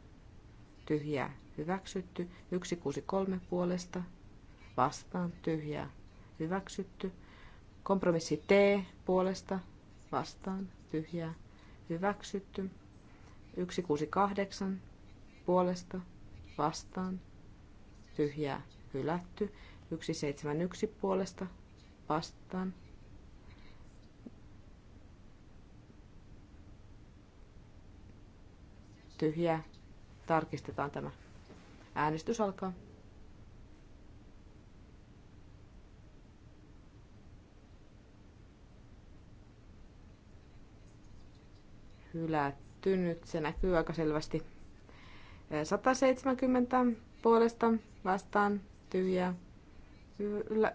[SPEAKER 2] Tyhjää. Hyväksytty. 163 puolesta vastaan. Tyhjää. Hyväksytty. Kompromissi T puolesta vastaan tyhjää hyväksytty. 168 puolesta vastaan tyhjää hylätty. 171 puolesta vastaan tyhjää. Tarkistetaan tämä. Äänestys alkaa. hylättynyt. Se näkyy aika selvästi. 170 eh, puolesta vastaan tyhjä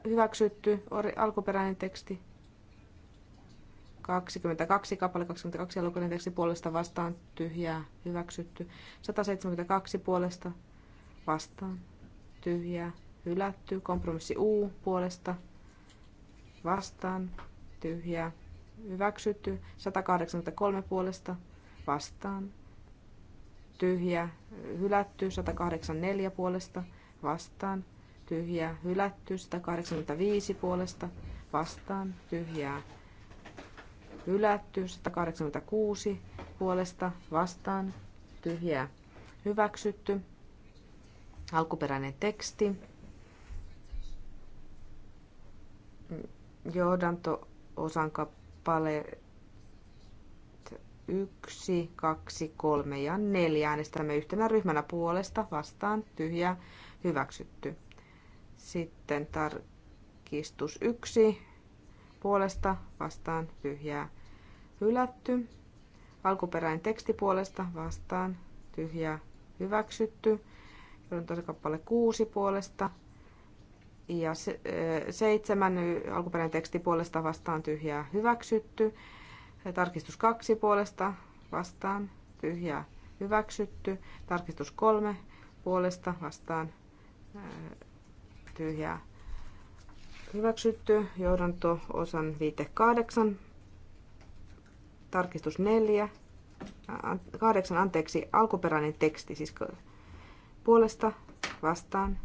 [SPEAKER 2] Hyväksytty alkuperäinen teksti. 22 kappale 22 alkuperäinen teksti puolesta vastaan tyhjää. Hyväksytty. 172 puolesta vastaan tyhjää. Hylätty. Kompromissi U puolesta vastaan tyhjää hyväksytty. 183 puolesta vastaan tyhjä hylätty. 184 puolesta vastaan tyhjä hylätty. 185 puolesta vastaan tyhjää hylätty. 186 puolesta vastaan tyhjää hyväksytty. Alkuperäinen teksti. Johdanto osan kappale yksi kaksi kolme ja neljä. Äänestämme yhtenä ryhmänä puolesta, vastaan, tyhjä, hyväksytty. Sitten tarkistus yksi puolesta, vastaan, tyhjää, hylätty. Alkuperäinen teksti puolesta, vastaan, tyhjää, hyväksytty. tosi kappale kuusi puolesta, ja seitsemän alkuperäinen teksti puolesta vastaan tyhjää hyväksytty. Tarkistus kaksi puolesta vastaan tyhjää hyväksytty. Tarkistus kolme puolesta vastaan tyhjää hyväksytty. Johdanto osan viite kahdeksan. Tarkistus neljä. Kahdeksan anteeksi alkuperäinen teksti siis puolesta vastaan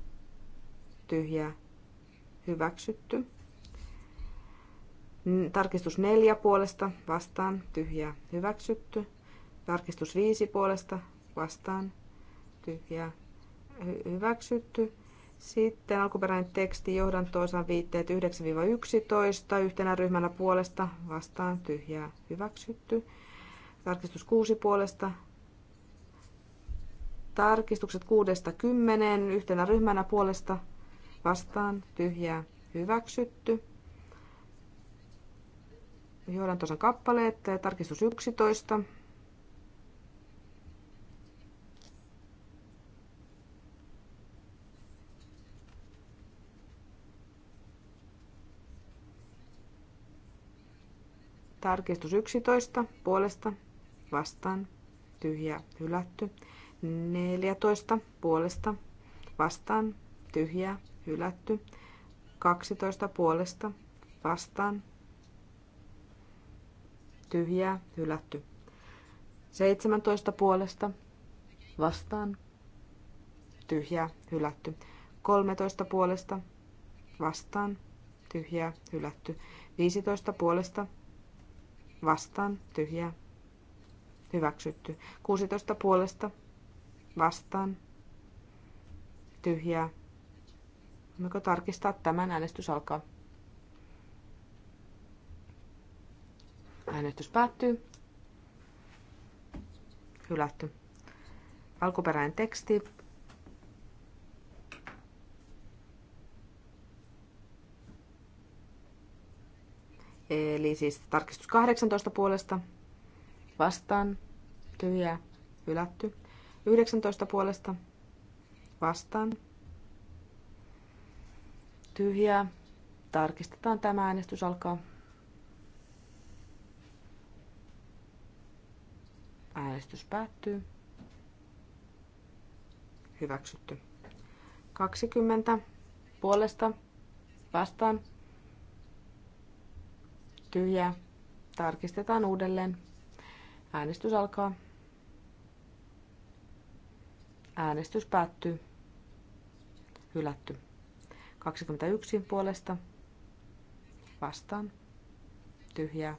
[SPEAKER 2] tyhjää hyväksytty. Tarkistus 4 puolesta vastaan tyhjä hyväksytty. Tarkistus 5 puolesta vastaan tyhjä hyväksytty. Sitten alkuperäinen teksti toisaan viitteet 9-11 yhtenä ryhmänä puolesta vastaan tyhjää hyväksytty. Tarkistus 6 puolesta tarkistukset 6-10 yhtenä ryhmänä puolesta vastaan tyhjää hyväksytty. tuossa kappaleet, tarkistus 11. Tarkistus 11 puolesta vastaan tyhjää hylätty. 14 puolesta vastaan tyhjää hylätty. 12 puolesta vastaan tyhjää hylätty. 17 puolesta vastaan tyhjää hylätty. 13 puolesta vastaan tyhjää hylätty. 15 puolesta vastaan tyhjää hyväksytty. 16 puolesta vastaan tyhjää Voimmeko tarkistaa tämän? Äänestys alkaa. Äänestys päättyy. Hylätty. Alkuperäinen teksti. Eli siis tarkistus 18 puolesta vastaan, tyhjää, hylätty. 19 puolesta vastaan, tyhjää. Tarkistetaan tämä äänestys alkaa. Äänestys päättyy. Hyväksytty. 20 puolesta vastaan tyhjää. Tarkistetaan uudelleen. Äänestys alkaa. Äänestys päättyy. Hylätty. 21 puolesta vastaan tyhjää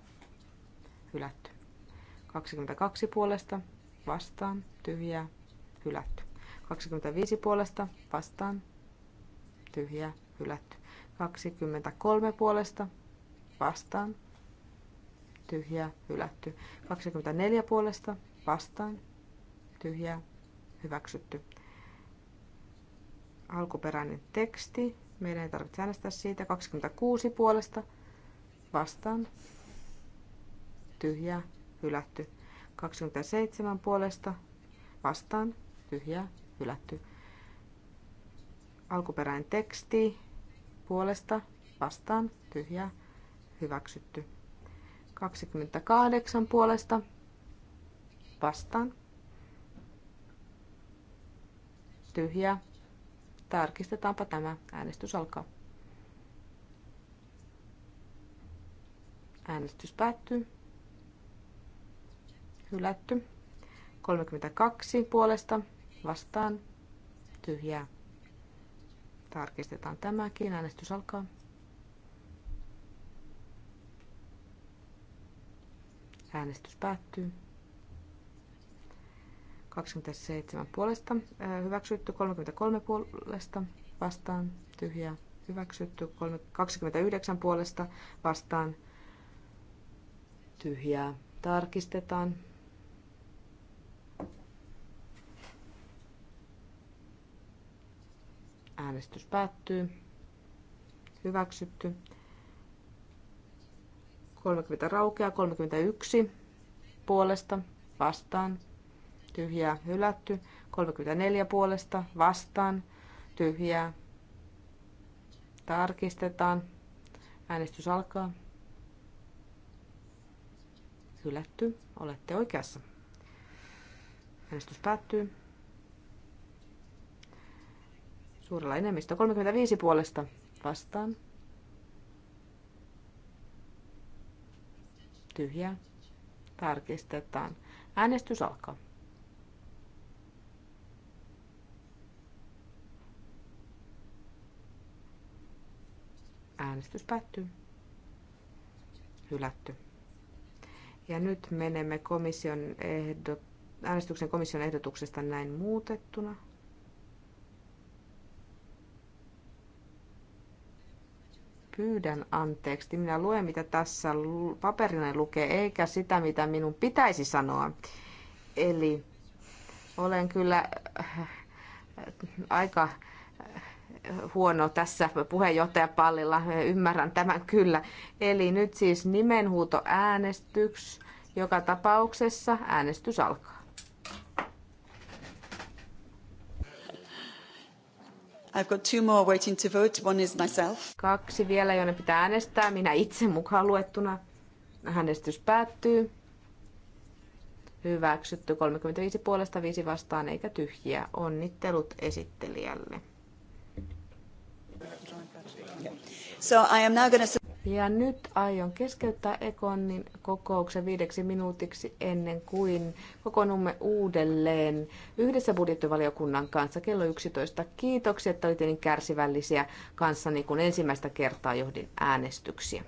[SPEAKER 2] hylätty. 22 puolesta vastaan tyhjää hylätty. 25 puolesta vastaan tyhjää hylätty. 23 puolesta vastaan tyhjää hylätty. 24 puolesta vastaan tyhjää hyväksytty. Alkuperäinen teksti meidän ei tarvitse äänestää siitä. 26 puolesta vastaan. Tyhjää. Hylätty. 27 puolesta vastaan. Tyhjää. Hylätty. Alkuperäinen teksti puolesta vastaan. Tyhjää. Hyväksytty. 28 puolesta vastaan. Tyhjää Tarkistetaanpa tämä. Äänestys alkaa. Äänestys päättyy. Hylätty. 32 puolesta vastaan. Tyhjää. Tarkistetaan tämäkin. Äänestys alkaa. Äänestys päättyy. 27 puolesta hyväksytty, 33 puolesta vastaan tyhjää hyväksytty, 29 puolesta vastaan tyhjää tarkistetaan. Äänestys päättyy. Hyväksytty. 30 raukeaa, 31 puolesta vastaan tyhjää hylätty. 34 puolesta vastaan tyhjää. Tarkistetaan. Äänestys alkaa. Hylätty. Olette oikeassa. Äänestys päättyy. Suurella enemmistö 35 puolesta vastaan. Tyhjää. Tarkistetaan. Äänestys alkaa. Äänestys päättyy. Hylätty. Ja nyt menemme komission ehdot, äänestyksen komission ehdotuksesta näin muutettuna. Pyydän anteeksi. Minä luen, mitä tässä paperina lukee, eikä sitä, mitä minun pitäisi sanoa. Eli olen kyllä äh, aika huono tässä puheenjohtajapallilla, ymmärrän tämän kyllä. Eli nyt siis nimenhuuto äänestys. Joka tapauksessa äänestys alkaa. I've got two more waiting to vote. One is myself. Kaksi vielä, jonne pitää äänestää. Minä itse mukaan luettuna. Äänestys päättyy. Hyväksytty 35 puolesta 5 vastaan eikä tyhjiä. Onnittelut esittelijälle. So I am now gonna... Ja nyt aion keskeyttää Ekonin kokouksen viideksi minuutiksi ennen kuin kokoonnumme uudelleen yhdessä budjettivaliokunnan kanssa kello 11. Kiitoksia, että olitte niin kärsivällisiä kanssani, kun ensimmäistä kertaa johdin äänestyksiä.